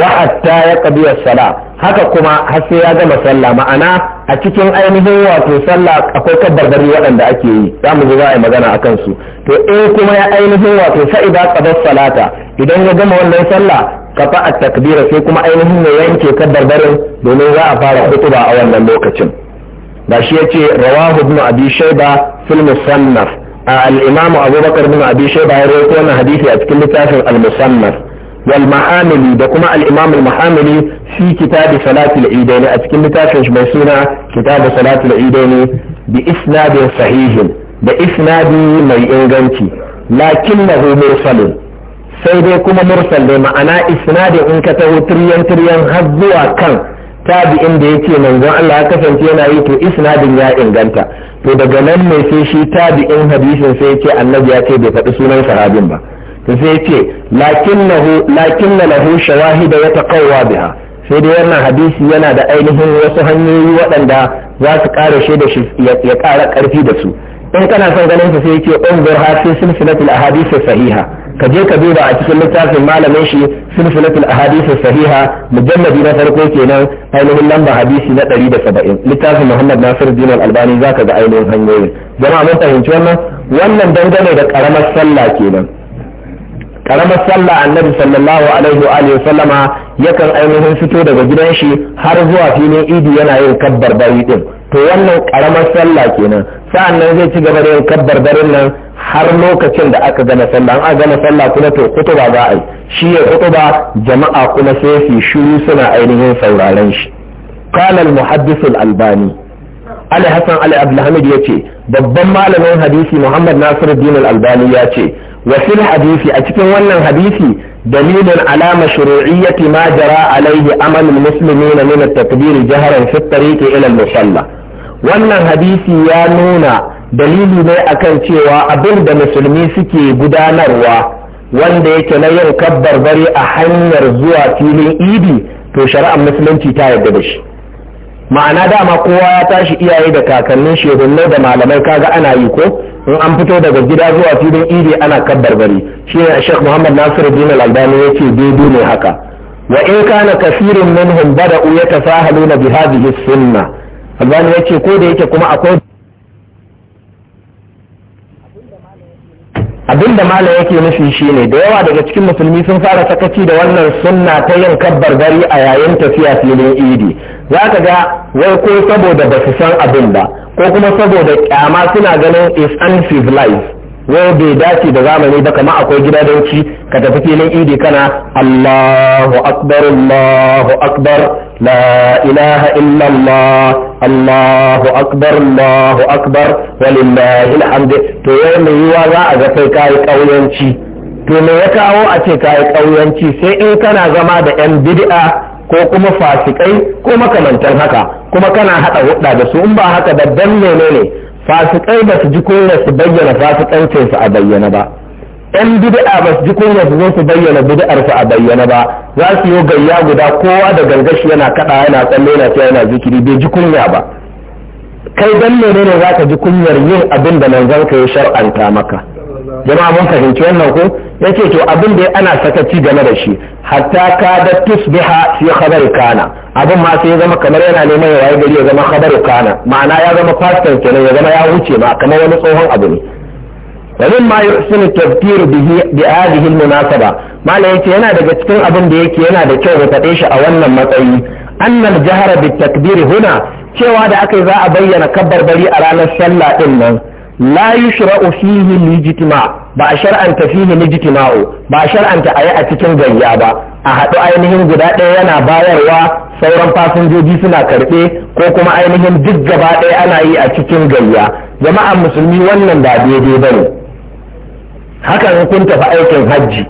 wa hatta ya qabiya sala haka kuma har sai ya gama sallah ma'ana a cikin ainihin wato sallah akwai kabbarbari waɗanda ake yi za mu za a magana a kansu to in kuma ya ainihin wato sa'ida qadas salata idan ya gama wannan sallah kafa a takbira sai kuma ainihin ne yanke kabbarbarin domin za a fara kutuba a wannan lokacin da shi yace rawahu ibn abi shayba fil musannaf al-imam abubakar ibn abi shayba ya rawaito wannan hadisi a cikin littafin al-musannaf wal ma'amili da kuma al-imam al-ma'amili fi a cikin littafin shi mai suna kitab salatul bi isnadin sahihin da isnadi mai inganci lakin lakinnahu mursalun sai dai kuma mursal dai ma'ana isnadin in ka taho tiryan tiryan har zuwa kan tabi'in da yake manzon Allah ya kasance yana yi to isnadin ya inganta to daga nan ne sai shi tabi'in hadisin sai yake annabi ya ce bai faɗi sunan sahabin ba zai sai ya ce lakin na lahu shawahida ya taƙawa biha sai dai wannan hadisi yana da ainihin wasu hanyoyi waɗanda za su ƙara shi ya ƙara ƙarfi da su in kana son ganin sa sai yake unzur ha fi silsilatul ahadith sahiha ka je ka duba a cikin littafin malamin shi silsilatul ahadith sahiha mujalladi na farko kenan ainihin lamba hadisi na da saba'in littafin Muhammad Nasir Din albani albani zaka ga ainihin hanyoyin jama'a mun fahimci wannan wannan dangane da karamar sallah kenan karamar sallah annabi sallallahu alaihi wa alihi sallama yakan ainihin fito daga gidan shi har zuwa filin idi yana yin kabbar bari din to wannan karamar sallah kenan sa'annan zai ci gaba da yin kabbar barin nan har lokacin da aka gama sallah an aka gama sallah kuma to kutuba za a yi shi ya kutuba jama'a kuma sai su shiru suna ainihin sauraren shi qala al-muhaddith al-albani Ali Hassan Ali Abdulhamid ya ce babban malamin hadisi Muhammad Nasiruddin Al-Albani ya ce وفي الحديث أتكن ون حديثي دليل على مشروعية ما جرى عليه أمل المسلمين من التكبير جهرا في الطريق إلى المصلى wannan hadisi يا نونا dalili ne akan cewa abin da musulmi suke gudanarwa wanda yake na yin kabbar bari a hanyar zuwa filin idi to shari'ar musulunci ta yarda da shi ma'ana dama kowa ya tashi iyaye da kakannin shehunne da malamai kaga ana yi ko in an fito daga gida zuwa filin idi ana kabbar bari shi ne shek muhammad nasiru din al-albani ya ce daidai ne haka wa in kana kasirin minhum bada'u yatasahaluna bi hadhihi sunna albani ya ce ko da yake kuma akwai abinda malam yake nufi shine da yawa daga cikin musulmi sun fara sakaci da wannan sunna ta yin kabbar gari a yayin tafiya filin idi za ka ga wai ko saboda ba su san abin ba ko kuma saboda kyama suna ganin is life wai bai dace da zamani ba kama akwai gida ci ka tafi filin idi kana Allahu akbar Allahu akbar la ilaha illallah الله أكبر الله أكبر ولله الحمد تو يوم يواغا أغفي كاي قوينشي to me ya kawo a ce kayi ƙauyenci sai in kana zama da 'yan bid'a ko kuma fasikai ko makamantar haka kuma kana haɗa hudda da su in ba haka babban menene fasikai ba su ji kunya su bayyana fasikancin su a bayyana ba yan bid'a ba su ji kunya su zo su bayyana bid'ar su a bayyana ba za su yi gayya guda kowa da gangashi yana kada yana tsalle yana cewa yana zikiri bai ji kunya ba kai dan menene za ka ji kunyar yin abin da manzon ka ya shar'anta maka jama'a mun fahimci wannan ko yace to abin da ana sakaci game da shi hatta ka da tusbiha fi khabar kana abin ma sai ya zama kamar yana neman ya waye gari ya zama khabar kana ma'ana ya zama fastan kenan ya zama ya wuce ma kamar wani tsohon abu ne wa ne yuhsinu tafkir bihi bi hadhihi almunasaba mala yake yana daga cikin abin da yake yana da kyau da tade shi a wannan matsayi annan jihar da takbir huna cewa da yi za a bayyana kabbar bari a ranar sallah din nan la yushra'u fihi lijitima ba a shar'anta fihi lijitima'u ba a shar'anta ayi a cikin gayya ba a haɗu ainihin guda ɗaya yana bayarwa sauran fasinjoji suna karɓe ko kuma ainihin duk gaba ɗaya ana yi a cikin gayya jama'an musulmi wannan ba daidai ne. haka in kun tafi aikin hajji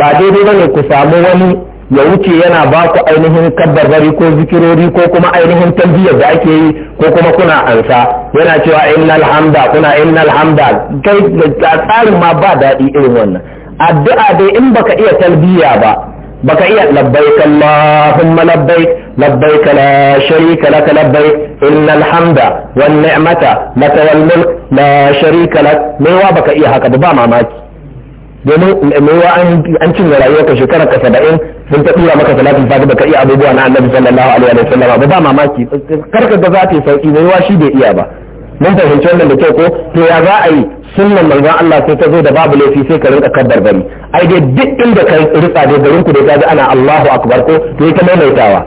ba daidai bane ku samu wani ya wuce yana ba ku ainihin kabbarbari ko zikirori ko kuma ainihin talbiyar da ake yi ko kuma kuna ansa yana cewa innal hamda kuna innal hamda kai da tsarin ma ba daɗi irin wannan addu'a dai in baka iya talbiya ba baka iya labbaik allahumma labbaik لبيك لا شريك لك لبيك إن الحمد والنعمة لك والملك لا شريك لك ميوا بك إيا هكا ببا ماماكي domin maiwa an cinye rayuwarka shekarar ka saba'in sun ta tura maka salatin fati baka iya abubuwa na annabi sallallahu alaihi wa sallam ba ba mamaki karka ga za ta yi sauki maiwa shi bai iya ba mun fahimci wannan da kyau ko to ya za a yi sunnan manzon Allah sai ta zo da babu laifi sai ka rinka kaddar bari ai dai duk inda ka ritsa dai garin ku da ana Allahu akbar ko to ita maimaitawa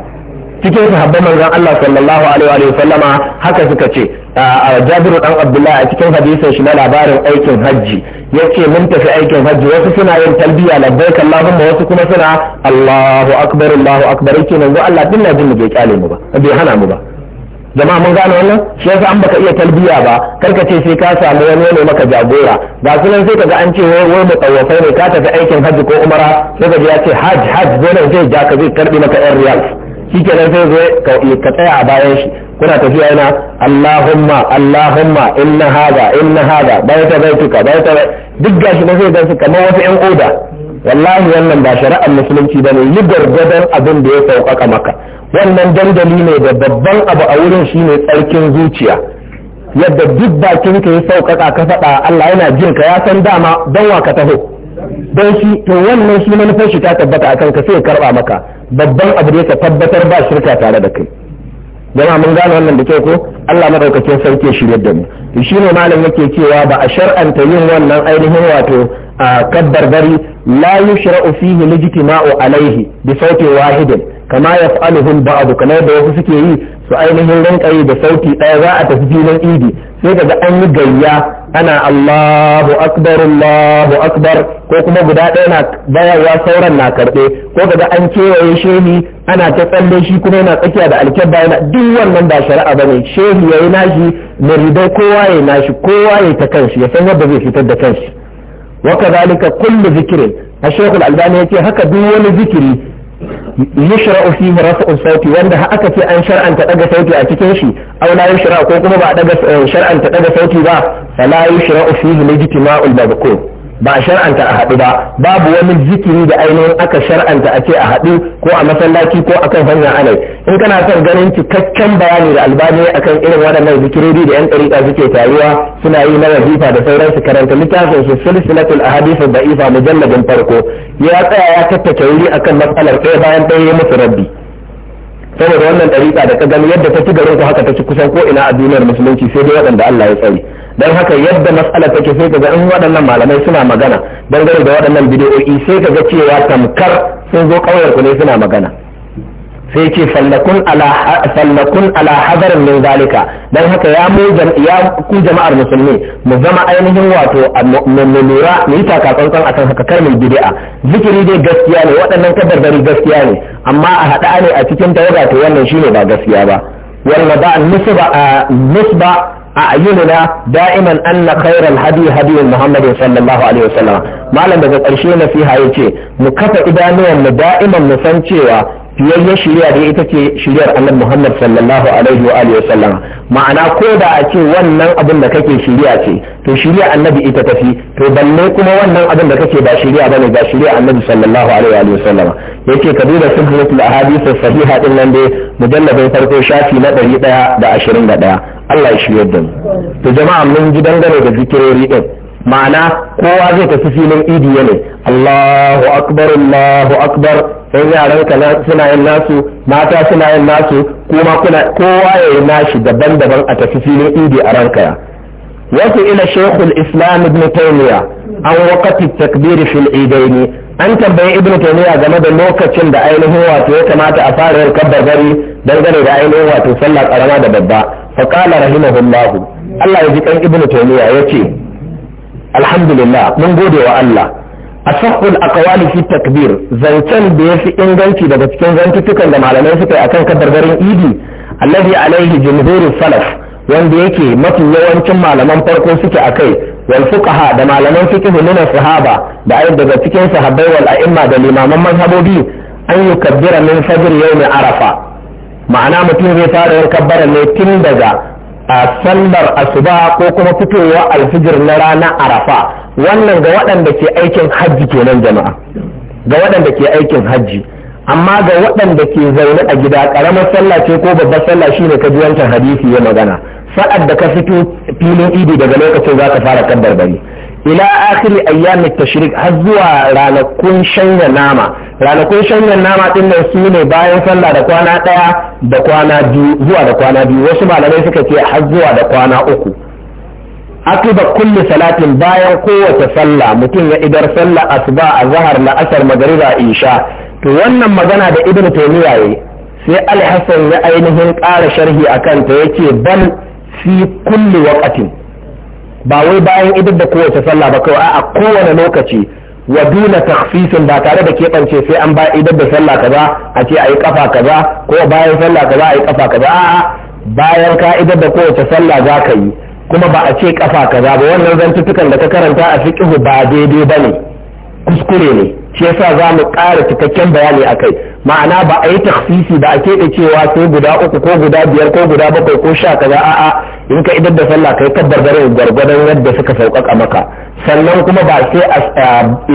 cikin sahabba manzon Allah sallallahu alaihi wa sallama haka suka ce a Jabiru dan Abdullah a cikin hadisin shi na labarin aikin hajji yace mun tafi aikin hajji wasu suna yin talbiya labbaik Allahumma wasu kuma suna Allahu akbar Allahu akbar yake Allah din na jin mu bai kyale mu ba bai hana mu ba jama'a mun gane wannan shi yasa an baka iya talbiya ba karka ce sai ka samu wani ne maka jagora ga nan sai kaga an ce wai mutawafai ne ka tafi aikin hajji ko umara sai ka ya ce hajj hajj zo nan zai ja ka zai karbi maka yan riyal shi ke nan sai zo ka tsaya a bayan shi kuna tafiya yana Allahumma Allahumma inna hada inna hada bai ta bai tuka bai ta duk gashi na sai gansu kamar wasu yan oda wallahi wannan ba shari'ar musulunci ba ne yi gargadon abin da ya sauƙaƙa maka wannan dandali ne da babban abu a wurin shine tsarkin zuciya yadda duk bakin ka ya sauƙaƙa ka faɗa Allah yana jin ka ya san dama don wa ka taho don shi to wannan shi manufar shi ta tabbata a ka sai ya karba maka babban abu ne ka tabbatar ba shirka tare da kai jama'a mun gane wannan da kyau ko Allah madaukakin sarki shi da mu to shine malam yake cewa ba a shar'anta yin wannan ainihin wato a kabbar gari la yushra'u fihi lijtima'u alaihi bi sauti wahidin kama yaf'aluhu ba'd kana da wasu suke yi su ainihin rinka yi da sauti daya za a tafi filin idi sai kaga an yi gayya ana Allahu akbar Allahu akbar ko kuma guda ɗaya na bayarwa sauran na karɓe ko kaga an kewaye shehi ana ta tsalle shi kuma yana tsakiya da alkyabba yana duk wannan ba shari'a bane shehi yayi nashi muridai kowa yayi nashi kowa yayi ta kanshi ya san yadda zai fitar da kanshi wa kadhalika kullu zikrin a shaykhul albani yace haka duk wani zikiri yushra'u fihi raf'u sauti wanda aka ce an shar'anta daga sauti a cikin shi aw la yushra'u ko kuma ba daga eh, shar'anta daga sauti ba fala yushra'u fihi lijtima'ul mabqul ba a shar'anta a haɗu ba babu wani zikiri da ainihin aka shar'anta a ce a haɗu ko a masallaci ko a kan hanya anai in kana son ganin cikakken bayani da albani akan irin waɗannan zikirori da yan ɗariƙa suke taruwa suna yi na wazifa da sauransu karanta littafin su silsilatul ahadithu da'ifa mujalladin farko ya tsaya ya tattace wuri akan matsalar ɗaya bayan ɗaya ya musu rabbi saboda wannan ɗariƙa da ka gani yadda ta ci garin ku haka ta ci kusan ko ina a duniyar musulunci sai dai waɗanda Allah ya tsare dan haka yadda matsala take sai kaga in waɗannan malamai suna magana dangane da waɗannan bidiyoyi sai kaga cewa tamkar sun zo ƙauyar ku ne suna magana sai ce fallakun ala hadarin min zalika don haka ya mu ya ku jama'ar musulmi mu zama ainihin wato mu lura mu yi takatsantsan akan haka kar mu bid'a zikiri dai gaskiya ne waɗannan kadarbari gaskiya ne amma a haɗa ne a cikin tawaga to wannan shine ba gaskiya ba wallaba wada nusba nusba أعيننا دائما أن خير الهدي هدي محمد صلى الله عليه وسلم ما لم تقرشي نفيها يتي مكفى إدانوا دائما نسنتيوا fiyayyen shirya da ita ce shiryar annabi Muhammad sallallahu alaihi wa alihi ma'ana ko da a ce wannan abin da kake shirya ce to shirya annabi ita tafi to balle kuma wannan abin da kake ba shirya bane ba shirya annabi sallallahu alaihi wa alihi wasallam yace ka duba a ahadith sahiha din nan dai mujalladin farko shafi na 121 Allah ya shirya da mu to jama'a mun ji dangane da zikirori din ma'ana kowa zai tafi filin idi ne Allahu akbar Allahu akbar sai yaran ka suna yin nasu mata suna yin nasu kuma kuna kowa ya yi nashi daban-daban a tafi filin idi a ranka wasu ila shekul islam ibn taymiya an wakati takbiri fil idaini an tambayi ibn taymiya game da lokacin da ainihin wato ya kamata a fara yin gari dangane da ainihin wato sallah karama da babba fa qala rahimahullahu Allah ya ji kan ibnu taymiya yace alhamdulillah mun gode wa Allah asahul aqwali fi takbir zancen da yafi inganci daga cikin zantutukan da malamai suka yi akan kadargarin idi alladhi alaihi jumhurus salaf wanda yake mafi yawancin malaman farko suke akai wal fuqaha da malaman fiqh min sahaba da ayyuka daga cikin sahabbai wal a'imma da limaman mazhabobi an yukabbira min fajr mai arafa ma'ana mutum zai fara yin kabbara ne tun daga a sallar asuba ko kuma fitowa alfijir na rana arafa wannan ga waɗanda ke aikin hajji kenan jama'a ga waɗanda ke aikin hajji amma ga waɗanda ke zaune a gida ƙaramar sallah ce ko babbar sallah shi ka ji wancan hadisi ya magana sa'ad da ka fito filin idi daga lokacin za ka fara kaddar bari ila akhiri ayyami tashrik har zuwa ranakun shanya nama ranakun shanya nama din nan su ne bayan sallah da kwana daya da kwana biyu zuwa da kwana biyu wasu malamai suka ce har zuwa da kwana uku akiba kulli salatin bayan kowace sallah mutum ya idar sallah asuba azhar la asar magriba isha to wannan magana da ibnu taymiya yayi sai al-hasan ya ainihin ƙara sharhi akan ta yace bal fi kulli waqtin ba wai bayan idar da kowace sallah ba kawai a kowane lokaci wa duna takhsisin ba tare da keɓance sai an ba idar da sallah kaza a ce a yi kafa kaza ko bayan sallah kaza a yi kafa kaza a'a bayan ka idar da kowace sallah za ka yi kuma ba a ce kafa kaza ba wannan zantutukan da ka karanta a fiqhu ba daidai ba ne kuskure ne shi yasa za mu ƙara cikakken bayani a kai ma'ana ba a yi takhsisi ba a keɓe cewa sai guda uku ko guda biyar ko guda bakwai ko sha kaza a'a in ka idar da sallah kai kabbar dare gwargwadon yadda suka sauƙaƙa maka sannan kuma ba sai a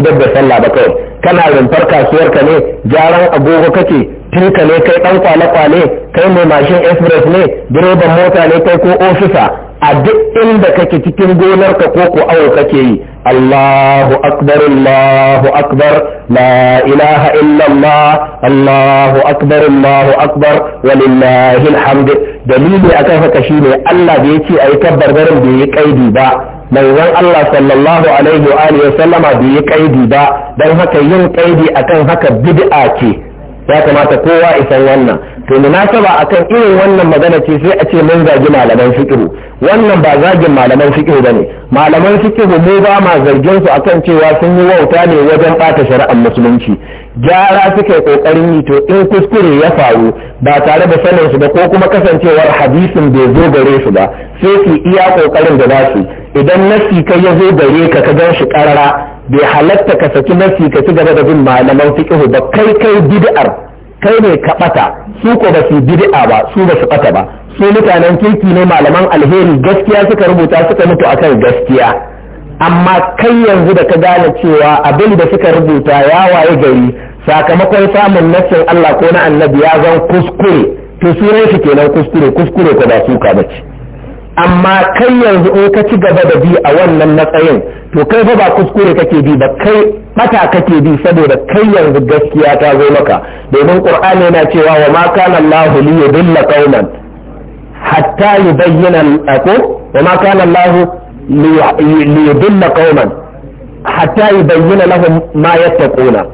idar da sallah ba kawai kana rumfar kasuwar ka ne jaran agogo kake tinka ne kai ɗan kwale-kwale kai mai mashin express ne direban mota ne kai ko ofisa a duk inda kake cikin gonar ka ko ko awo kake yi Allahu akbar Allahu akbar la ilaha illallah Allahu akbar Allahu akbar walillahi alhamd dalili akan haka shine Allah da yake ayi kabbarbarin da yi kaidi ba manzon Allah sallallahu alaihi wa alihi sallama bai yi kaidi ba dan haka yin kaidi akan haka bid'a ce ya kamata kowa isan wannan to nasaba akan irin wannan magana ce sai a ce mun zagi malaman fiqh wannan ba zagin malaman fiqh bane malaman fiqh mu ba ma zargin su akan cewa sun yi wauta ne wajen bata shari'ar musulunci gyara suka yi kokarin yi to in kuskure ya faru ba tare da sanin su ba ko kuma kasancewar hadisin bai zo gare su ba sai su iya kokarin da za su idan nasi kai ya zo gare ka ka gan shi karara bai halatta ka saki nafsi ka ci gaba da bin malaman fiqh ba kai kai bid'ar kai ne ka bata su ko ba su bid'a ba su ba su bata ba su mutanen kirki ne malaman alheri gaskiya suka rubuta suka mutu akan gaskiya amma kai yanzu da ka gane cewa abin da suka rubuta ya waye gari sakamakon samun nassin Allah ko na annabi ya zan kuskure to sunan shi kenan kuskure kuskure ko ba suka amma kai yanzu in ka ci gaba da bi a wannan matsayin to kai fa ba kuskure kake bi ba kai bata kake bi saboda kai yanzu gaskiya ta zo maka domin qur'ani yana cewa wa ma kana Allah li yudilla qauman hatta yubayyana ko wa ma kana li yudilla qauman hatta yubayyana lahum ma yattaquna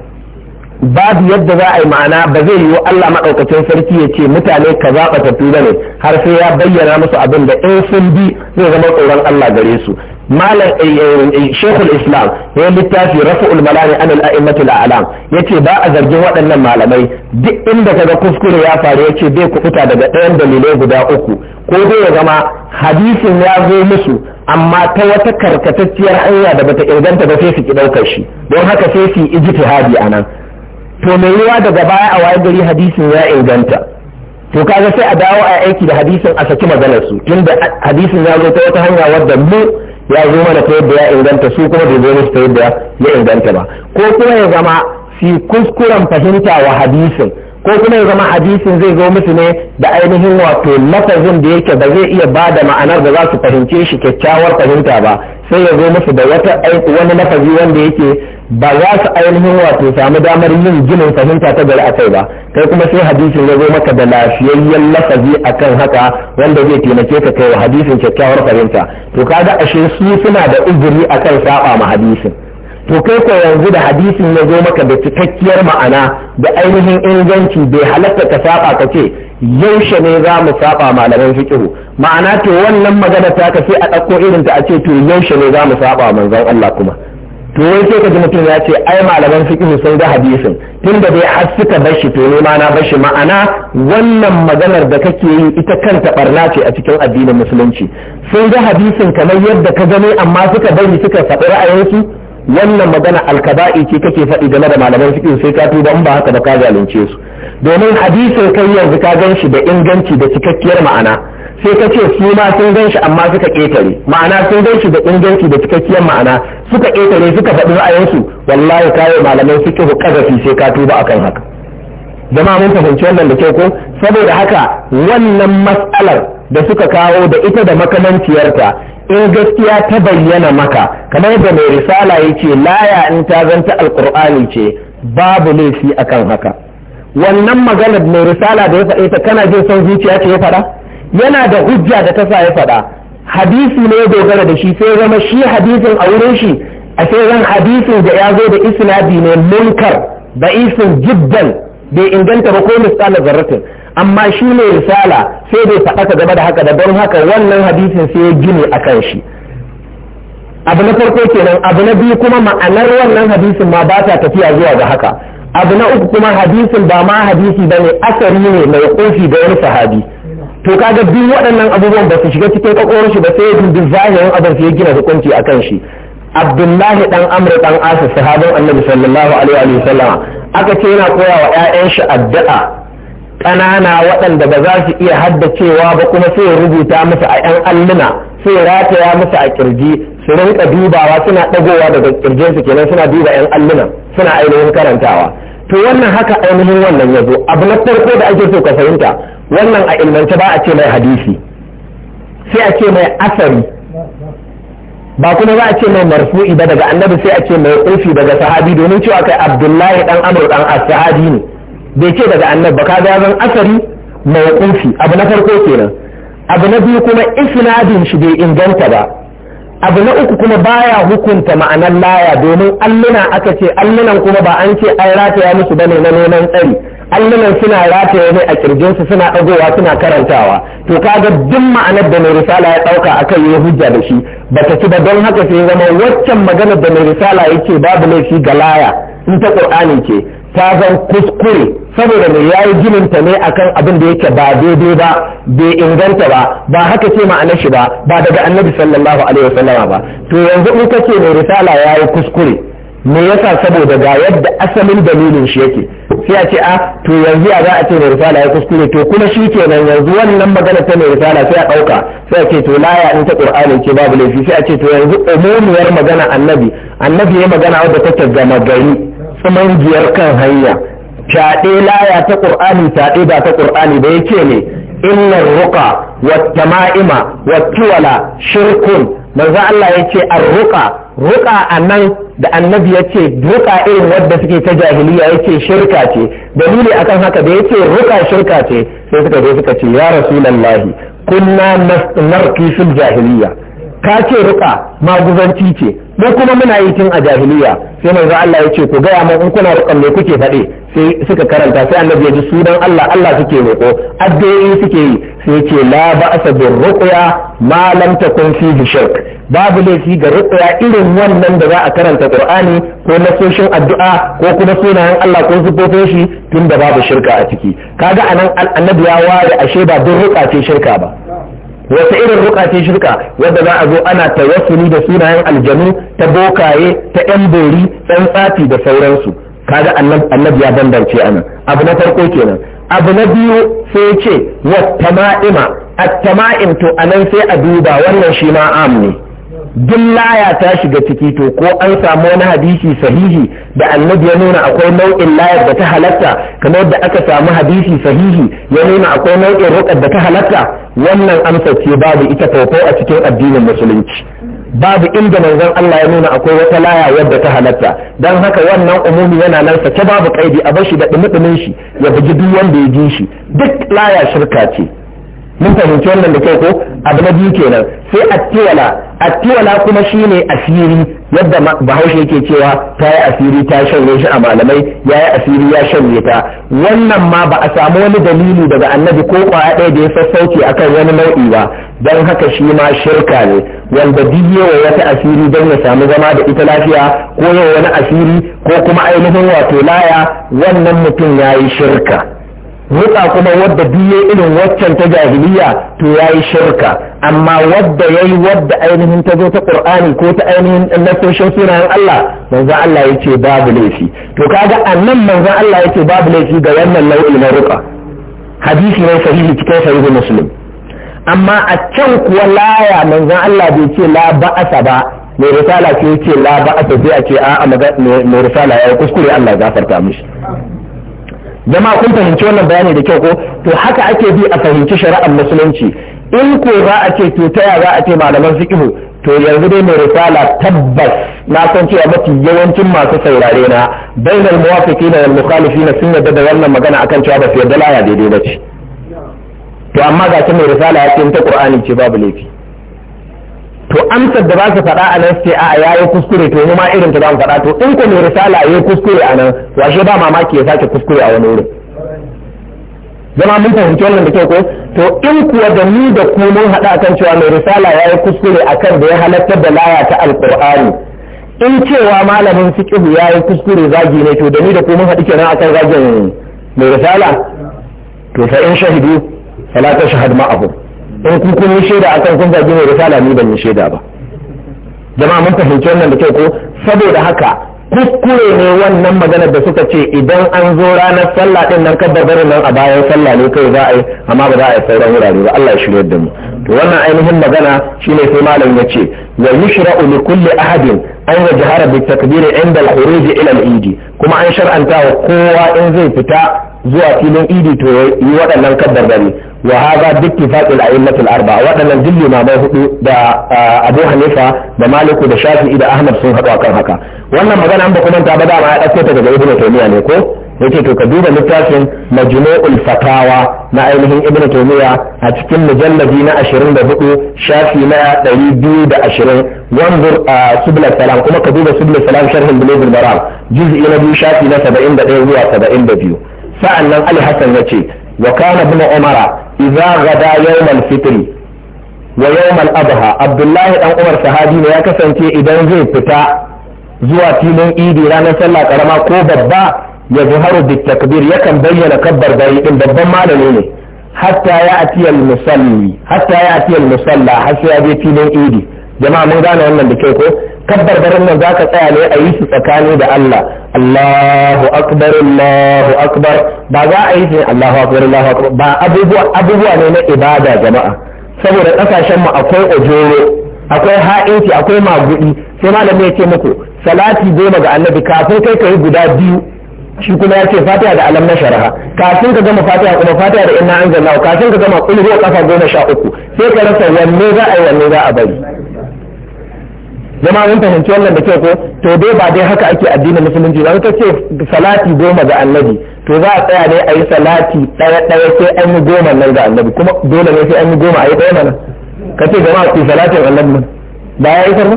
babu yadda za a yi ma'ana ba zai yiwu Allah maɗaukacin sarki ya ce mutane ka zaɓa tafi ba ne har sai ya bayyana musu abin da in sun bi zai zama tsoron Allah gare su malam eh, eh, eh, shekul islam ya littafi rafa'ul malami anil a'immatul a'lam ce ba a zargin waɗannan malamai duk inda kaga kuskure ya faru ce bai kubuta daga ɗayan dalilai guda uku ko dai ya zama hadisin ya zo musu amma ta wata karkatacciyar hanya da bata inganta ba sai su ki ɗaukar shi don haka sai su yi ijtihadi anan to mai ruwa daga baya a waye gari hadisin ya inganta to kaga sai a dawo a aiki da hadisin a saki maganar su tunda hadisin ya zo ta wata hanya wadda mu ya zo mana ta yadda ya inganta su kuma bai zo ta yadda ya inganta ba ko kuma ya zama fi kuskuren fahimta wa hadisin ko kuma ya zama hadisin zai zo musu ne da ainihin wato lafazin da yake ba zai iya ba da ma'anar da za su fahimce shi kyakkyawar fahimta ba sai ya zo musu da wata wani lafazi wanda yake ba za su ainihin wato samu damar yin ginin fahimta ta gari akai ba kai kuma sai hadisin ya zo maka da lafiyayyen lafazi akan haka wanda zai taimake ka kai wa hadisin kyakkyawar fahimta to da ashe su suna da a akan saba ma hadisin to kai ko yanzu da hadisin ya zo maka da cikakkiyar ma'ana da ainihin inganci bai halatta ka saba ka ce yaushe ne za mu saba malaman fiqhu ma'ana to wannan magana ta ka sai a ɗauko irin ta a ce to yaushe ne za mu saba manzon Allah kuma to wai sai ka ji mutum ya ce ai malaman fiqh sun ga hadisin tunda bai har suka bashi to ne ma na bashi ma'ana wannan maganar da kake yi ita kanta barna ce a cikin addinin musulunci sun ga hadisin kamar yadda ka gani amma suka bari suka faɗi ra'ayinsu wannan magana alkaba'i ce kake faɗi game da malaman fiqh sai ka tuba ba haka ba ka zalunce su domin hadisin kai yanzu ka gan shi da inganci da cikakkiyar ma'ana sai ka ce su ma sun gan shi amma suka ƙetare ma'ana sun gan shi da inganci da cikakkiyar ma'ana suka ƙetare suka faɗi ra'ayinsu wallahi kayo malamai suke ku kazafi sai ka tuba akan haka jama'a mun fahimci wannan da kyau ko saboda haka wannan matsalar da suka kawo da ita da makamanciyarta in gaskiya ta bayyana maka kamar da mai risala ya ce laya in ta zanta alƙur'ani ce babu laifi akan haka wannan maganar mai risala da ya faɗe ta kana jin son zuciya ce ya faɗa yana da hujja da ta sa ya faɗa hadisi ne ya dogara da shi sai zama shi hadisin a wurin shi a sai zan hadisin da ya zo da isnadi ne munkar da isin jiddan bai inganta ba ko misala zarratin amma shi ne risala sai bai faɗaka game da haka da don haka wannan hadisin sai ya gini a kan shi abu na farko kenan abu na biyu kuma ma'anar wannan hadisin ma ba ta tafiya zuwa ga haka abu na uku kuma hadisin ba ma hadisi ba ne asari ne mai kofi ga wani sahabi to kaga duk waɗannan abubuwan ba su shiga cikin kwakwalwar shi ba sai ya dubi zahirin abin su ya gina hukunci akan shi abdullahi dan amr dan asu sahabin annabi sallallahu alaihi wa sallam aka ce yana koya wa ƴaƴan shi addu'a ƙanana waɗanda ba za su iya haddacewa ba kuma sai ya rubuta musu a ƴan alluna sai ya rataya musu a kirji su rinka dubawa suna ɗagowa daga ƙirjinsu kenan suna duba ƴan alluna suna ainihin karantawa to wannan haka ainihin wannan yazo abu na farko da ake so ka fahimta wannan a ilmance ba a ce mai hadisi sai a ce mai asari ba kuma za a ce mai marfu'i ba daga annabi sai a ce mai urfi daga sahabi domin cewa kai abdullahi dan amur dan as-sahabi ne bai ce daga annabi ba kaga zan asari mai urfi abu na farko kenan abu na biyu kuma isnadin shi bai inganta ba abu na uku kuma baya hukunta ma'anar laya domin alluna aka ce allunan kuma ba an ce an rataya musu bane na neman tsari allunan suna rataye mai a kirjinsu suna ɗagowa suna karantawa to kaga duk ma'anar da mai risala ya ɗauka kan yi hujja da shi bata ci ba don haka sai zama waccan maganar da mai risala yake babu laifi ga laya in ta ƙur'ani ce ta zan kuskure saboda mai yayi ginin ta ne akan abin da yake ba daidai ba bai inganta ba ba haka ce ma'anar shi ba ba daga annabi sallallahu alaihi wasallama ba to yanzu in ce mai risala yayi kuskure me yasa saboda ga yadda asalin dalilin shi yake sai a ce a ah, to yanzu a za a ce mai risala ya kuskure to kuma shi ke nan yanzu wannan magana ta mai risala sai a ɗauka sai a ce to laya in ta qur'ani ce babu laifi sai a ce to yanzu umumiyar magana annabi annabi ya magana wadda ta gama gari giyar kan hanya fyaɗe laya ta qur'ani fyaɗe ba ta qur'ani ba yake ne innar ruqa wat tama'ima wat tuwala shirkun manzo Allah yace ar-ruqa ruka a nan da annabi ya ce ruka irin wadda suke ta jahiliya ya ce shirka ce dalili akan haka da ya ce ruka shirka ce sai suka je suka ce ya rasulallahi kunna narki fil jahiliya ka ce ruka maguzanci ce mu kuma muna yi tun a jahiliya sai manzo Allah ya ce ku gaya mun in kuna rukan me kuke faɗe sai suka karanta sai annabi ya ji sunan Allah Allah suke roƙo addu'o'i suke yi sai ce la ba'sa bir ruqya ma lam takun fihi shirk babu laifi ga ruqya irin wannan da za a karanta Qur'ani ko nasoshin addu'a ko kuma sunayen Allah ko sifofin shi tunda babu shirka a ciki kaga anan annabi ya ware ashe ba duk ruqa ce shirka ba wata irin ruka ce shirka wadda za a zo ana tawassuli da sunayen aljanu ta bokaye ta yan bori tsantsafi da sauransu kaga annabi ya bambance ana abu na farko kenan abu na biyu sai ce wattama'ima at-tama'im to anan sai a duba wannan shi ma am ne duk laya ta shiga ciki to ko an samu wani hadisi sahihi da annabi ya nuna akwai nau'in layar da ta halatta kamar da aka samu hadisi sahihi ya nuna akwai nau'in rukar da ta halatta wannan amsa ce babu ita koko a cikin addinin musulunci babu inda manzon Allah ya nuna akwai wata laya yadda ta halatta don haka wannan umumi yana nan sake babu kaidi a bashi da dumi shi ya bugi duk wanda ya ji shi duk laya shirka ce mun fahimci wannan da kyau ko abu na biyu kenan sai attiwala attiwala kuma shine asiri yadda bahaushe yake cewa ta yi asiri ta shanye shi a malamai ya yi asiri ya shanye ta wannan ma ba a samu wani dalili daga annabi ko kwaya ɗaya da ya sassauci akan wani nau'i ba don haka shi ma shirka ne wanda duk yawa wata asiri don ya samu zama da ita lafiya ko yawa wani asiri ko kuma ainihin wato laya wannan mutum ya yi shirka wuta kuma wadda biye irin waccan ta jahiliya to ya yi shirka amma wadda ya yi wadda ainihin ta zo ta ƙur'ani ko ta ainihin nasoshin sunayen Allah manzan Allah ya ce babu laifi to kaga nan manzan Allah ya ce babu laifi ga wannan nau'i na ruka hadisi ne sahihi cikin sahihi muslim amma a can kuwa laya manzan Allah bai ce la ba'asa ba mai risala ce ce la ba'asa sai a ce a'a mai risala ya kuskure Allah ya gafarta mishi jama'a kun fahimci wannan bayani da kyau ko to haka ake bi a fahimci shari'ar musulunci in ko za a ce to ta za a ce malaman fiqhu to yanzu dai mai risala tabbas na san cewa mafi yawancin masu saurare na bainal muwafiqina wal mukhalifina sun yadda da wannan magana akan cewa ba su yadda laya daidai ba ce to amma ga mai risala ya ce ta qur'ani ce babu laifi to amsar da ba ka faɗa a nan sai a yayi kuskure to mu ma irin ta za mu faɗa to in ko mai risala yi kuskure a nan washe ba mamaki ya sake kuskure a wani wurin zama mun fahimci wannan da kyau ko to in kuwa da ni da ku mun haɗa akan cewa mai risala yayi kuskure akan da ya halartar da laya ta alqur'ani in cewa malamin ya yayi kuskure zagi ne to da ni da ku mun haɗu kenan akan zagin mai risala to fa in shahidu fala tashhad ma'ahum in ku kun yi shaida akan kun zagi mai risala ni ban yi shaida ba jama'a mun fahimci wannan da kyau ko saboda haka kuskure ne wannan maganar da suka ce idan an zo ranar sallah din nan kaddabarin nan a bayan sallah ne kai za a yi amma ba za a yi sauran wurare ba Allah ya shirya da mu to wannan ainihin magana shine sai malam ya ce Ya yushra'u li kulli ahadin an yajhara bi takbiri inda al-khuruj ila al idi kuma an shar'anta wa kowa in zai fita zuwa filin idi to yi waɗannan kaddabari wa hada duk tifaqil a'immatul arba'a waɗannan duk limamai hudu da Abu Hanifa da Maliku da Shafi'i da Ahmad sun haɗu akan haka wannan magana an ba kuma ta ba da ma ya ɗauko ta daga Ibn Taymiyyah ne ko yake to ka duba littafin majmu'ul fatawa na ainihin Ibn Taymiyyah a cikin mujalladi na 24 shafi na 220 wanzur subla salam kuma ka duba subla salam sharhin bulugul maram juz'i na biyu shafi na 71 zuwa 72 sa'annan Ali Hassan yace wa kana ibn Umara iza gada yawmal fitri wa yawmal adha abdullahi dan umar sahabi ne ya kasance idan zai fita zuwa filin idi ranar sallah karama ko babba ya zuharu bi takbir yakan bayyana kabbar bari din babban malami ne hatta ya atiyal musalli hatta ya atiyal musalla har sai ya je filin idi jama'a mun gane wannan da kai ko kabbarbarin nan zaka tsaya ne a yi su tsakani da Allah Allahu akbar Allahu akbar ba za a yi shi Allahu akbar Allahu akbar ba abubuwa abubuwa ne na ibada jama'a saboda kasashen mu akwai ojoro akwai ha'inci akwai magudi sai malami ya ce muku salati goma ga annabi kafin kai kai guda biyu shi kuma ya ce fatiha da alam na sharaha kafin ka gama fatiha kuma fatiha da inna anzalnahu kafin ka gama kulhu kafa goma sha uku sai ka rasa wanne za a yi wanne za a bari zama mun fahimci wannan da kyau ko to dai ba dai haka ake addinin musulunci ba ka ce salati goma ga annabi to za a tsaya ne a yi salati ɗaya ɗaya sai an yi goma nan ga annabi kuma dole ne sai an yi goma a yi ɗaya mana ka ce jama'a ku salatin annabi nan ba ya yi sarfa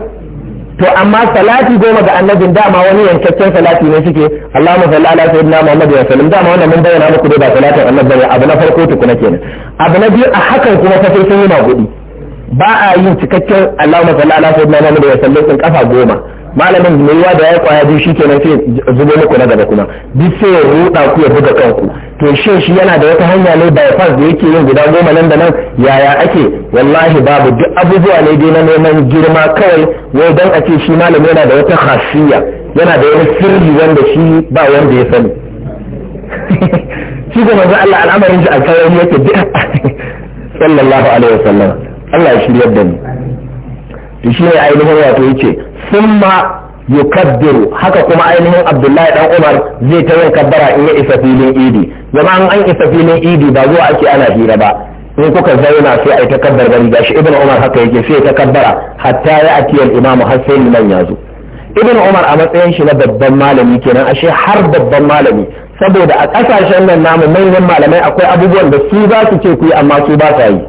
to amma salati goma ga annabin dama wani yankakken salati ne suke Allahumma salli ala sayyidina Muhammad wa sallam dama wannan mun bayyana muku dai ba salatin annabi ba abu na farko tukuna kenan abu na biyu a hakan kuma fa sai sun yi magudi ba a yin cikakken alama salli ala sayyidina Muhammad wa sallam sun kafa goma malamin mai da ya kwaya biyu shikenan sai zubo muku na gaba kuma duk sai ya ruda ku ya buga kanku to shin shi yana da wata hanya ne bypass da yake yin guda goma nan da nan yaya ake wallahi babu duk abubuwa ne dai na neman girma kawai wai dan a ce shi malami yana da wata khasiyya yana da wani sirri wanda shi ba wanda ya sani [LAUGHS] shi ga manzo Allah al'amarin shi a kawai yake duk [LAUGHS] sallallahu alaihi wasallam Allah ya shiryar da mu to shi ne ainihin wato yace summa yukabbiru haka kuma ainihin Abdullahi dan Umar zai ta yin kabbara in ya isa filin idi zama an an isa filin idi ba zuwa ake ana hira ba in kuka zauna sai ai ta kabbar gari gashi ibn Umar haka yake sai ta kabbara hatta ya atiya al-imamu har sai liman ya zo ibn umar a matsayin shi na babban malami kenan ashe har babban malami saboda a kasashen nan namu manyan malamai akwai abubuwan da su za su ce ku yi amma su ba sa yi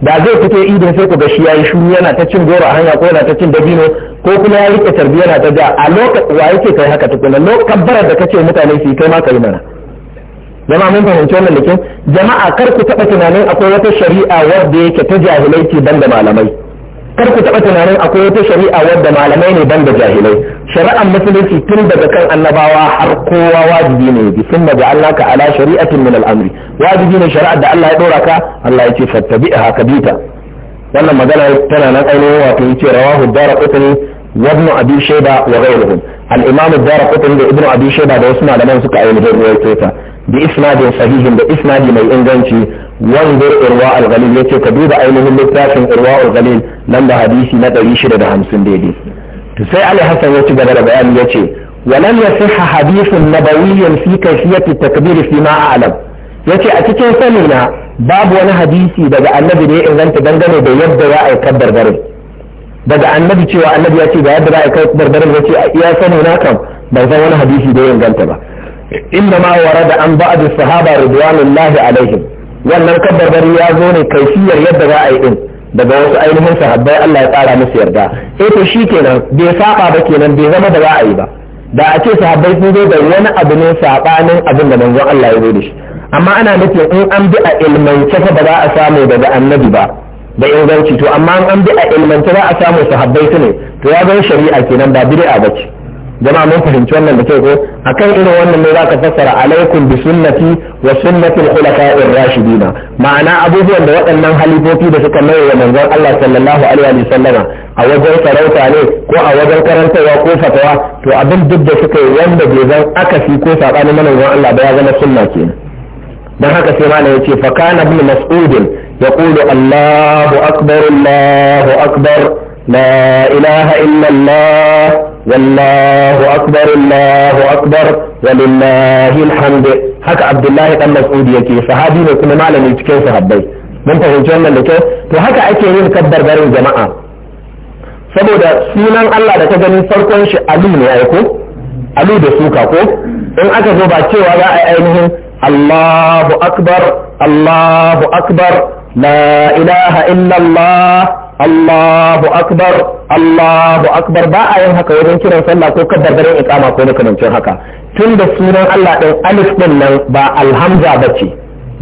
da zai fito idin sai ku ga shi yayi shuru yana ta cin goro a hanya ko yana ta cin dabino ko kuma ya ta tarbiya yana ta ja a lokacin wa yake kai haka tukuna lokacin barar da kace mutane su kai ma kai mana jama'a mun fahimci wannan jama'a kar ku taɓa tunanin akwai wata shari'a wadda yake ta jahilai ce banda malamai kar ku tunanin akwai wata shari'a wadda malamai ne banda jahilai shari'ar musulunci tun daga kan annabawa har kowa wajibi ne bi sun maja ala shari'atin min al'amri wajibi ne shari'ar da Allah ya dora ka Allah ya ce fattabi'ha kabita wannan magana tana nan ainihin wato yace rawahu daraqutni wa ibn abi shayba wa ghayruhum al-imam ad-daraqutni da ibn abi shayba da wasu malaman suka ainihin ruwaito ta bi isnadin sahihin da isnadi mai inganci wanzur irwa al-ghalil yace ka duba ainihin littafin irwa al-ghalil nan da hadisi na 650 daidai to sai Ali hasan ya ci gaba da bayani yace ولم يصح حديث نبوي في كيفية التكبير فيما أعلم yace a cikin sani na babu wani hadisi daga annabi da ya inganta dangane da yadda za a yi kabbar daga annabi cewa annabi ya ce ga yadda za a yi kabbar garin yace a iya sani na kam ban san wani hadisi da ya inganta ba inda ma da an ba'd sahaba ridwanullahi alaihim wannan kabbar garin ya zo ne kaifiyar yadda za a yi din daga wasu ainihin sahabbai Allah ya tsara musu yarda eh to kenan bai saba ba kenan bai zama da za a yi ba da a ce sahabbai sun zo da wani abu ne sabanin abin da manzon Allah ya zo da shi amma ana nufin in an bi a ilmance fa ba za a samu daga annabi ba da inganci to amma in an bi a ilmance za a samu sahabbai su ne to ya zama shari'a kenan ba bid'a ba ce jama'a mun fahimci wannan da kyau ko akan irin wannan ne zaka fassara alaikum bi sunnati wa sunnati al-khulafa'i ar-rashidin ma'ana abubuwan da waɗannan halifofi da suka mai wa manzon Allah sallallahu alaihi wa sallama a wajen sarauta ne ko a wajen karantarwa ko fatawa to abin duk da suka yi wanda bai zan akasi ko sabanin manzon Allah ba ya zama sunna kenan dan haka sai malam yace fa kana ibn mas'udin yaqulu Allahu akbar Allahu akbar la ilaha illa Allah wallahu akbar Allahu akbar walillahi alhamd haka Abdullahi dan Mas'ud yake sahabi ne kuma malami cikin sahabbai mun fahimci wannan da kyau to haka ake yin kabbar barin jama'a saboda sunan Allah da ta gani farkon shi alu ne aiko alu da suka ko in aka zo ba cewa za a ainihin Allahu akbar Allahu akbar la ilaha illallah Allahu akbar Allahu akbar ba a yin haka wajen kiran sallah ko kabbarin kama ko na makamancin haka tun da sunan Allah ɗin alif ɗin nan ba alhamza bace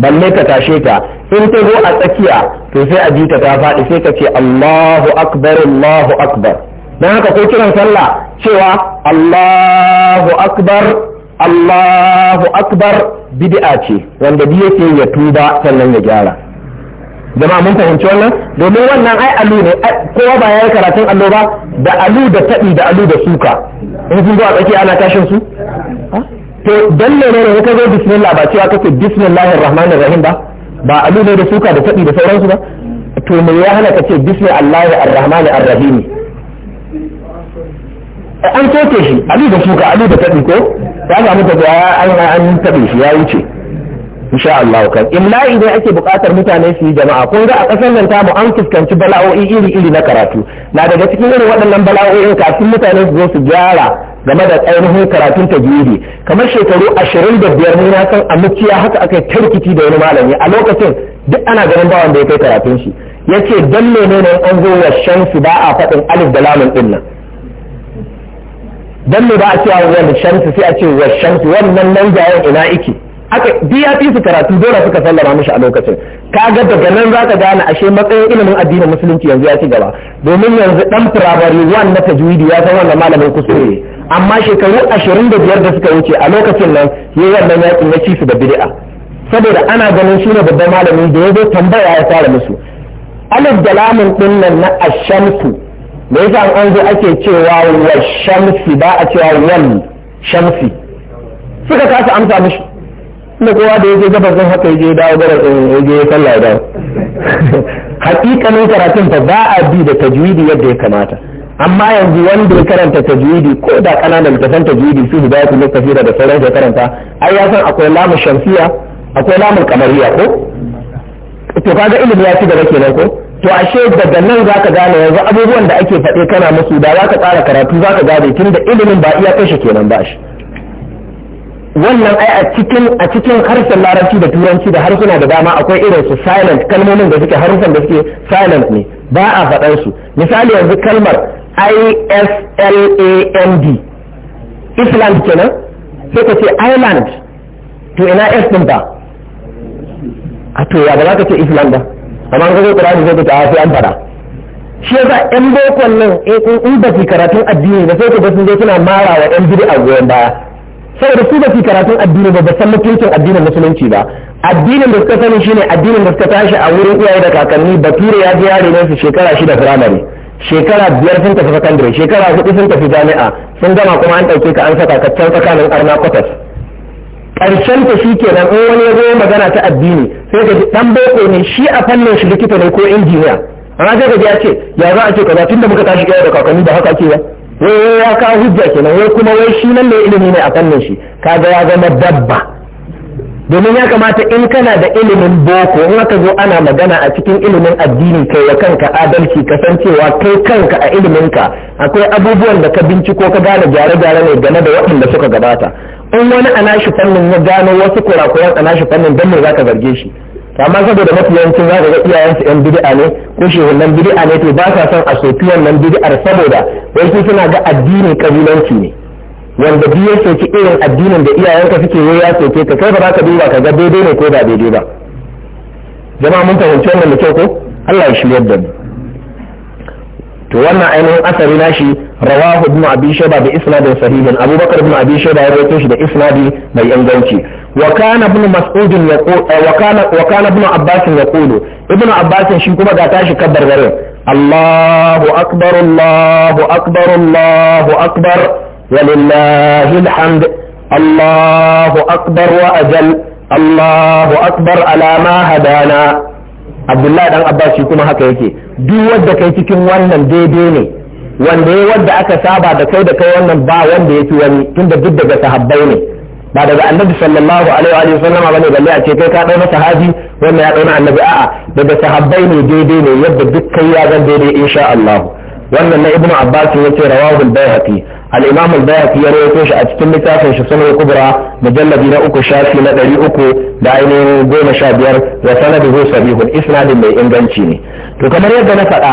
balle ka tashe ta in ta zo a tsakiya to sai a ji ta ta faɗi sai ka ce Allahu akbar Allahu akbar don haka ko kiran sallah cewa Allahu akbar Allahu akbar bid'a ce wanda bi yake ya tuba sannan ya gyara jama'a mun fahimci wannan domin wannan ai alu ne kowa ba yayi karatun allo ba da alu da tabi da alu da suka in kun zo a tsaki ana tashin su to dan ne ne ka zo bismillah ba cewa kake bismillahir rahmanir rahim ba ba alu ne da suka da tabi da sauransu ba to me ya hana ka ce bismillahir rahmanir rahim. an soke shi alu da suka alu da tabi ko ta ga mutu ya an an tabe shi ya wuce insha Allah kan illa idan ake buƙatar mutane su yi jama'a kun ga a ƙasar nan mu an fuskanci bala'o'i iri iri na karatu na daga cikin irin waɗannan bala'o'in kafin mutane su zo su gyara game da ainihin karatun ta tajwidi kamar shekaru ashirin da biyar ne san a muciya haka aka ta rikici da wani malami a lokacin duk ana ganin bawan da ya kai karatun shi yace dan menene an zo wa shamsu ba a faɗin alif da lamun ɗinnan? nan dan me ba a cewa wal shamsu sai a ce wa shamsu wannan nan jayen ina iki aka biya fi su karatu dole suka sallama mishi a lokacin kaga daga nan zaka gane ashe matsayin ilimin addinin musulunci yanzu ya ci gaba domin yanzu dan primary 1 na tajwidi ya san wannan malamin kuskure amma shekaru ashirin da biyar da suka wuce a lokacin nan yayi wannan yakin na ci su da bid'a saboda ana ganin shi ne babban malami da ya zo tambaya ya fara musu alif da lamin din nan na ashamsu da yasa an zo ake cewa wa shamsi ba a cewa wal shamsi suka kasa amsa mishi inda kowa da yake gaba zan haka yaje dawo gara yaje sallah ya dawo [LAUGHS] hakikanin karatun fa ba a bi da tajwidi yadda ya kamata amma yanzu wanda ya karanta tajwidi ko da kananan san tajwidi su hidayatul mustafida da sauran ya karanta ai ya san akwai lamun shamsiya akwai lamun kamariya ko to kaga ilimi ya ci gaba kenan ko to ashe daga nan za ka gane yanzu abubuwan da ake faɗe kana musu da za ka tsara karatu za ka gane tun da ilimin ba iya kashe kenan ba shi wannan ai a cikin a cikin harshen larabci da turanci da harsuna da dama akwai irin su silent kalmomin da suke harufan da suke silent ne ba a faɗan su misali yanzu kalmar island island kenan sai ka ce island to ina s din ba a to ya ba za ka ce island ba amma kaga kur'ani zai ta ah, sai an fara shi yasa ɗan bokon nan in eh, ba fi karatun addini ba sai ku ga sun je suna mara wa ɗan a goyon baya saboda su ba fi karatun addini ba ba san mutuncin addinin musulunci ba addinin da suka sani shine addinin da suka tashi a wurin iyaye da kakanni bature ya ji yare su shekara shida firamare shekara biyar sun tafi sakandare shekara hudu sun tafi jami'a sun gama kuma an ɗauke ka an saka ka can tsakanin arna kwatas ƙarshen ta shi kenan in wani ya zo magana ta addini sai ka ji dan boko ne shi a fannin shi likita ne ko injiniya amma sai ka ji ya ce ya za a ce kaza tunda muka tashi iyaye da kakanni da haka ake ba wai ya kawo hujja kenan wai kuma wai shi nan ne ilimi ne a fannin shi kaga ya zama dabba domin ya kamata in kana da ilimin boko in aka zo ana magana a cikin ilimin addini kai wa kanka adalci kasancewa kai kanka a ilimin ka akwai abubuwan da ka binciko ka gane gyare-gyare ne game da waɗanda suka gabata in wani a nashi fannin ya gano wasu kurakuran a nashi fannin don me zaka zarge shi amma saboda mafi yawancin za ka ga iyayensu yan bid'a ne ko shehunan bid'a ne to ba sa son a soki wannan bid'ar saboda wai su suna ga addinin kabilanci ne wanda biyu ya soki irin addinin da iyayenka suke yi ya soke ka kai ba za ka duba ka ga daidai ne ko ba daidai ba jama'a mun fahimci wannan da kyau ko Allah ya shiryar da mu وانا اينو اثر ناشي رواه ابن ابي شبا باسناد صحيح ابو بكر ابن ابي شبا يقول شي باسناد مي وكان ابن مسعود يقول وكان وكان ابن عباس يقول ابن عباس شي كما غا كبر غره الله اكبر الله اكبر الله اكبر ولله الحمد الله اكبر واجل الله اكبر على ما هدانا abdullahi dan abbas shi kuma haka yake duk wanda kai cikin wannan daidai ne wanda ya wanda aka saba da kai da kai wannan ba wanda yake wani tunda duk daga sahabbai ne ba daga annabi sallallahu alaihi wa sallama bane balle a ce kai ka dauna sahabi wannan ya dauna annabi a'a daga sahabbai ne daidai ne yadda duk kai ya zan daidai insha Allah wannan na ibnu abbas yace rawahu al-baihaqi al-imam al-bayhaqi ya rawaito shi a cikin littafin shi sunan kubra mujalladi na uku shafi na ɗari uku da ainihin goma sha biyar wa sanaduhu sabihun isnadin mai inganci ne to kamar yadda na faɗa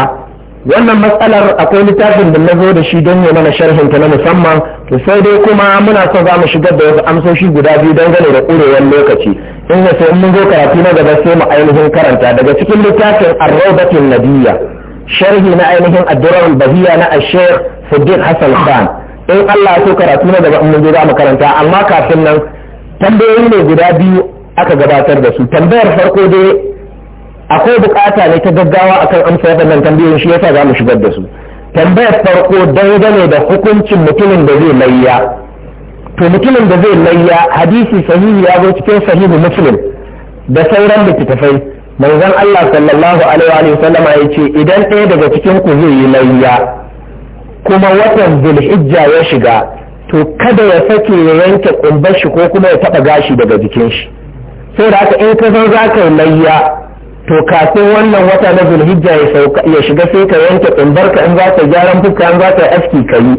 wannan matsalar akwai littafin da na zo da shi don ya sharhin ta na musamman to sai dai kuma muna so za mu shigar da wasu amsoshi guda biyu dangane da ƙurewar lokaci in ya sai mun zo karatu na gaba sai mu ainihin karanta daga cikin littafin arrobatin nabiya sharhi na ainihin addu'ar bahiya na ashek fudin hassan khan in Allah so karatu na daga in mun je za mu karanta amma kafin nan tambayoyi ne guda biyu aka gabatar da su tambayar farko dai akwai bukata ne ta gaggawa akan amsa wannan tambayoyin shi yasa za mu shigar da su tambayar farko dangane da hukuncin mutumin da zai layya to mutumin da zai layya hadisi sahihi ya zo cikin sahihu muslim da sauran littattafai manzon Allah sallallahu alaihi wa sallama ya ce idan ɗaya daga cikin ku zai yi layya kuma watan zulhijja ya shiga to kada ya sake ya yanke kumbar shi ko kuma ya taba gashi daga jikin shi sai da haka in ka san za layya to kafin wannan wata na zulhijja ya shiga sai ka yanke kumbar ka in za ka gyaran fuska in za ka aski ka yi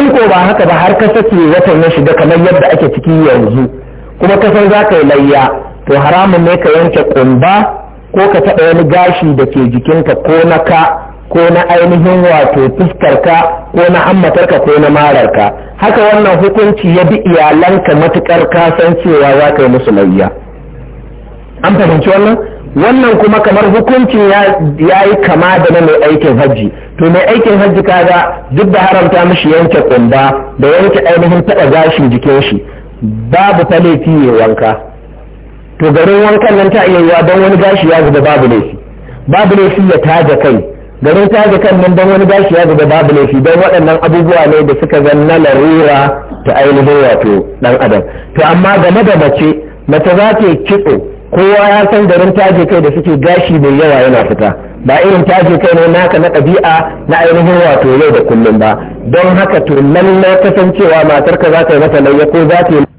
in ko ba haka ba har ka sake watan ya shiga kamar yadda ake ciki yanzu kuma ka san za layya to haramun ne ka yanke kumba ko ka taɓa wani gashi da ke jikinka ko na ka ko na ainihin wato fuskarka ko na ammatarka ko na mararka haka wannan hukunci ya bi iyalanka matukar kasan cewa za ka yi musu layya an fahimci wannan wannan kuma kamar hukuncin ya yi kama da na mai aikin hajji to mai aikin hajji kaga duk da haramta mishi yanke kumba da yanke ainihin taɗa gashin jikin shi babu ta laifi ya wanka to garin wankan nan ta iya yiwa don wani gashi ya zuba babu laifi babu laifi ya taja kai garin ta ga kan nan don wani gashi ya zuba babu laifi don waɗannan abubuwa ne da suka zanna larura ta ainihin wato ɗan adam to amma game da mace mace za ta kitso kowa ya san garin taje kai da suke gashi mai yawa yana fita ba irin taje kai ne naka na ɗabi'a na ainihin wato yau da kullum ba don haka to lallai kasancewa matarka za ta yi mata lauya ko za ta yi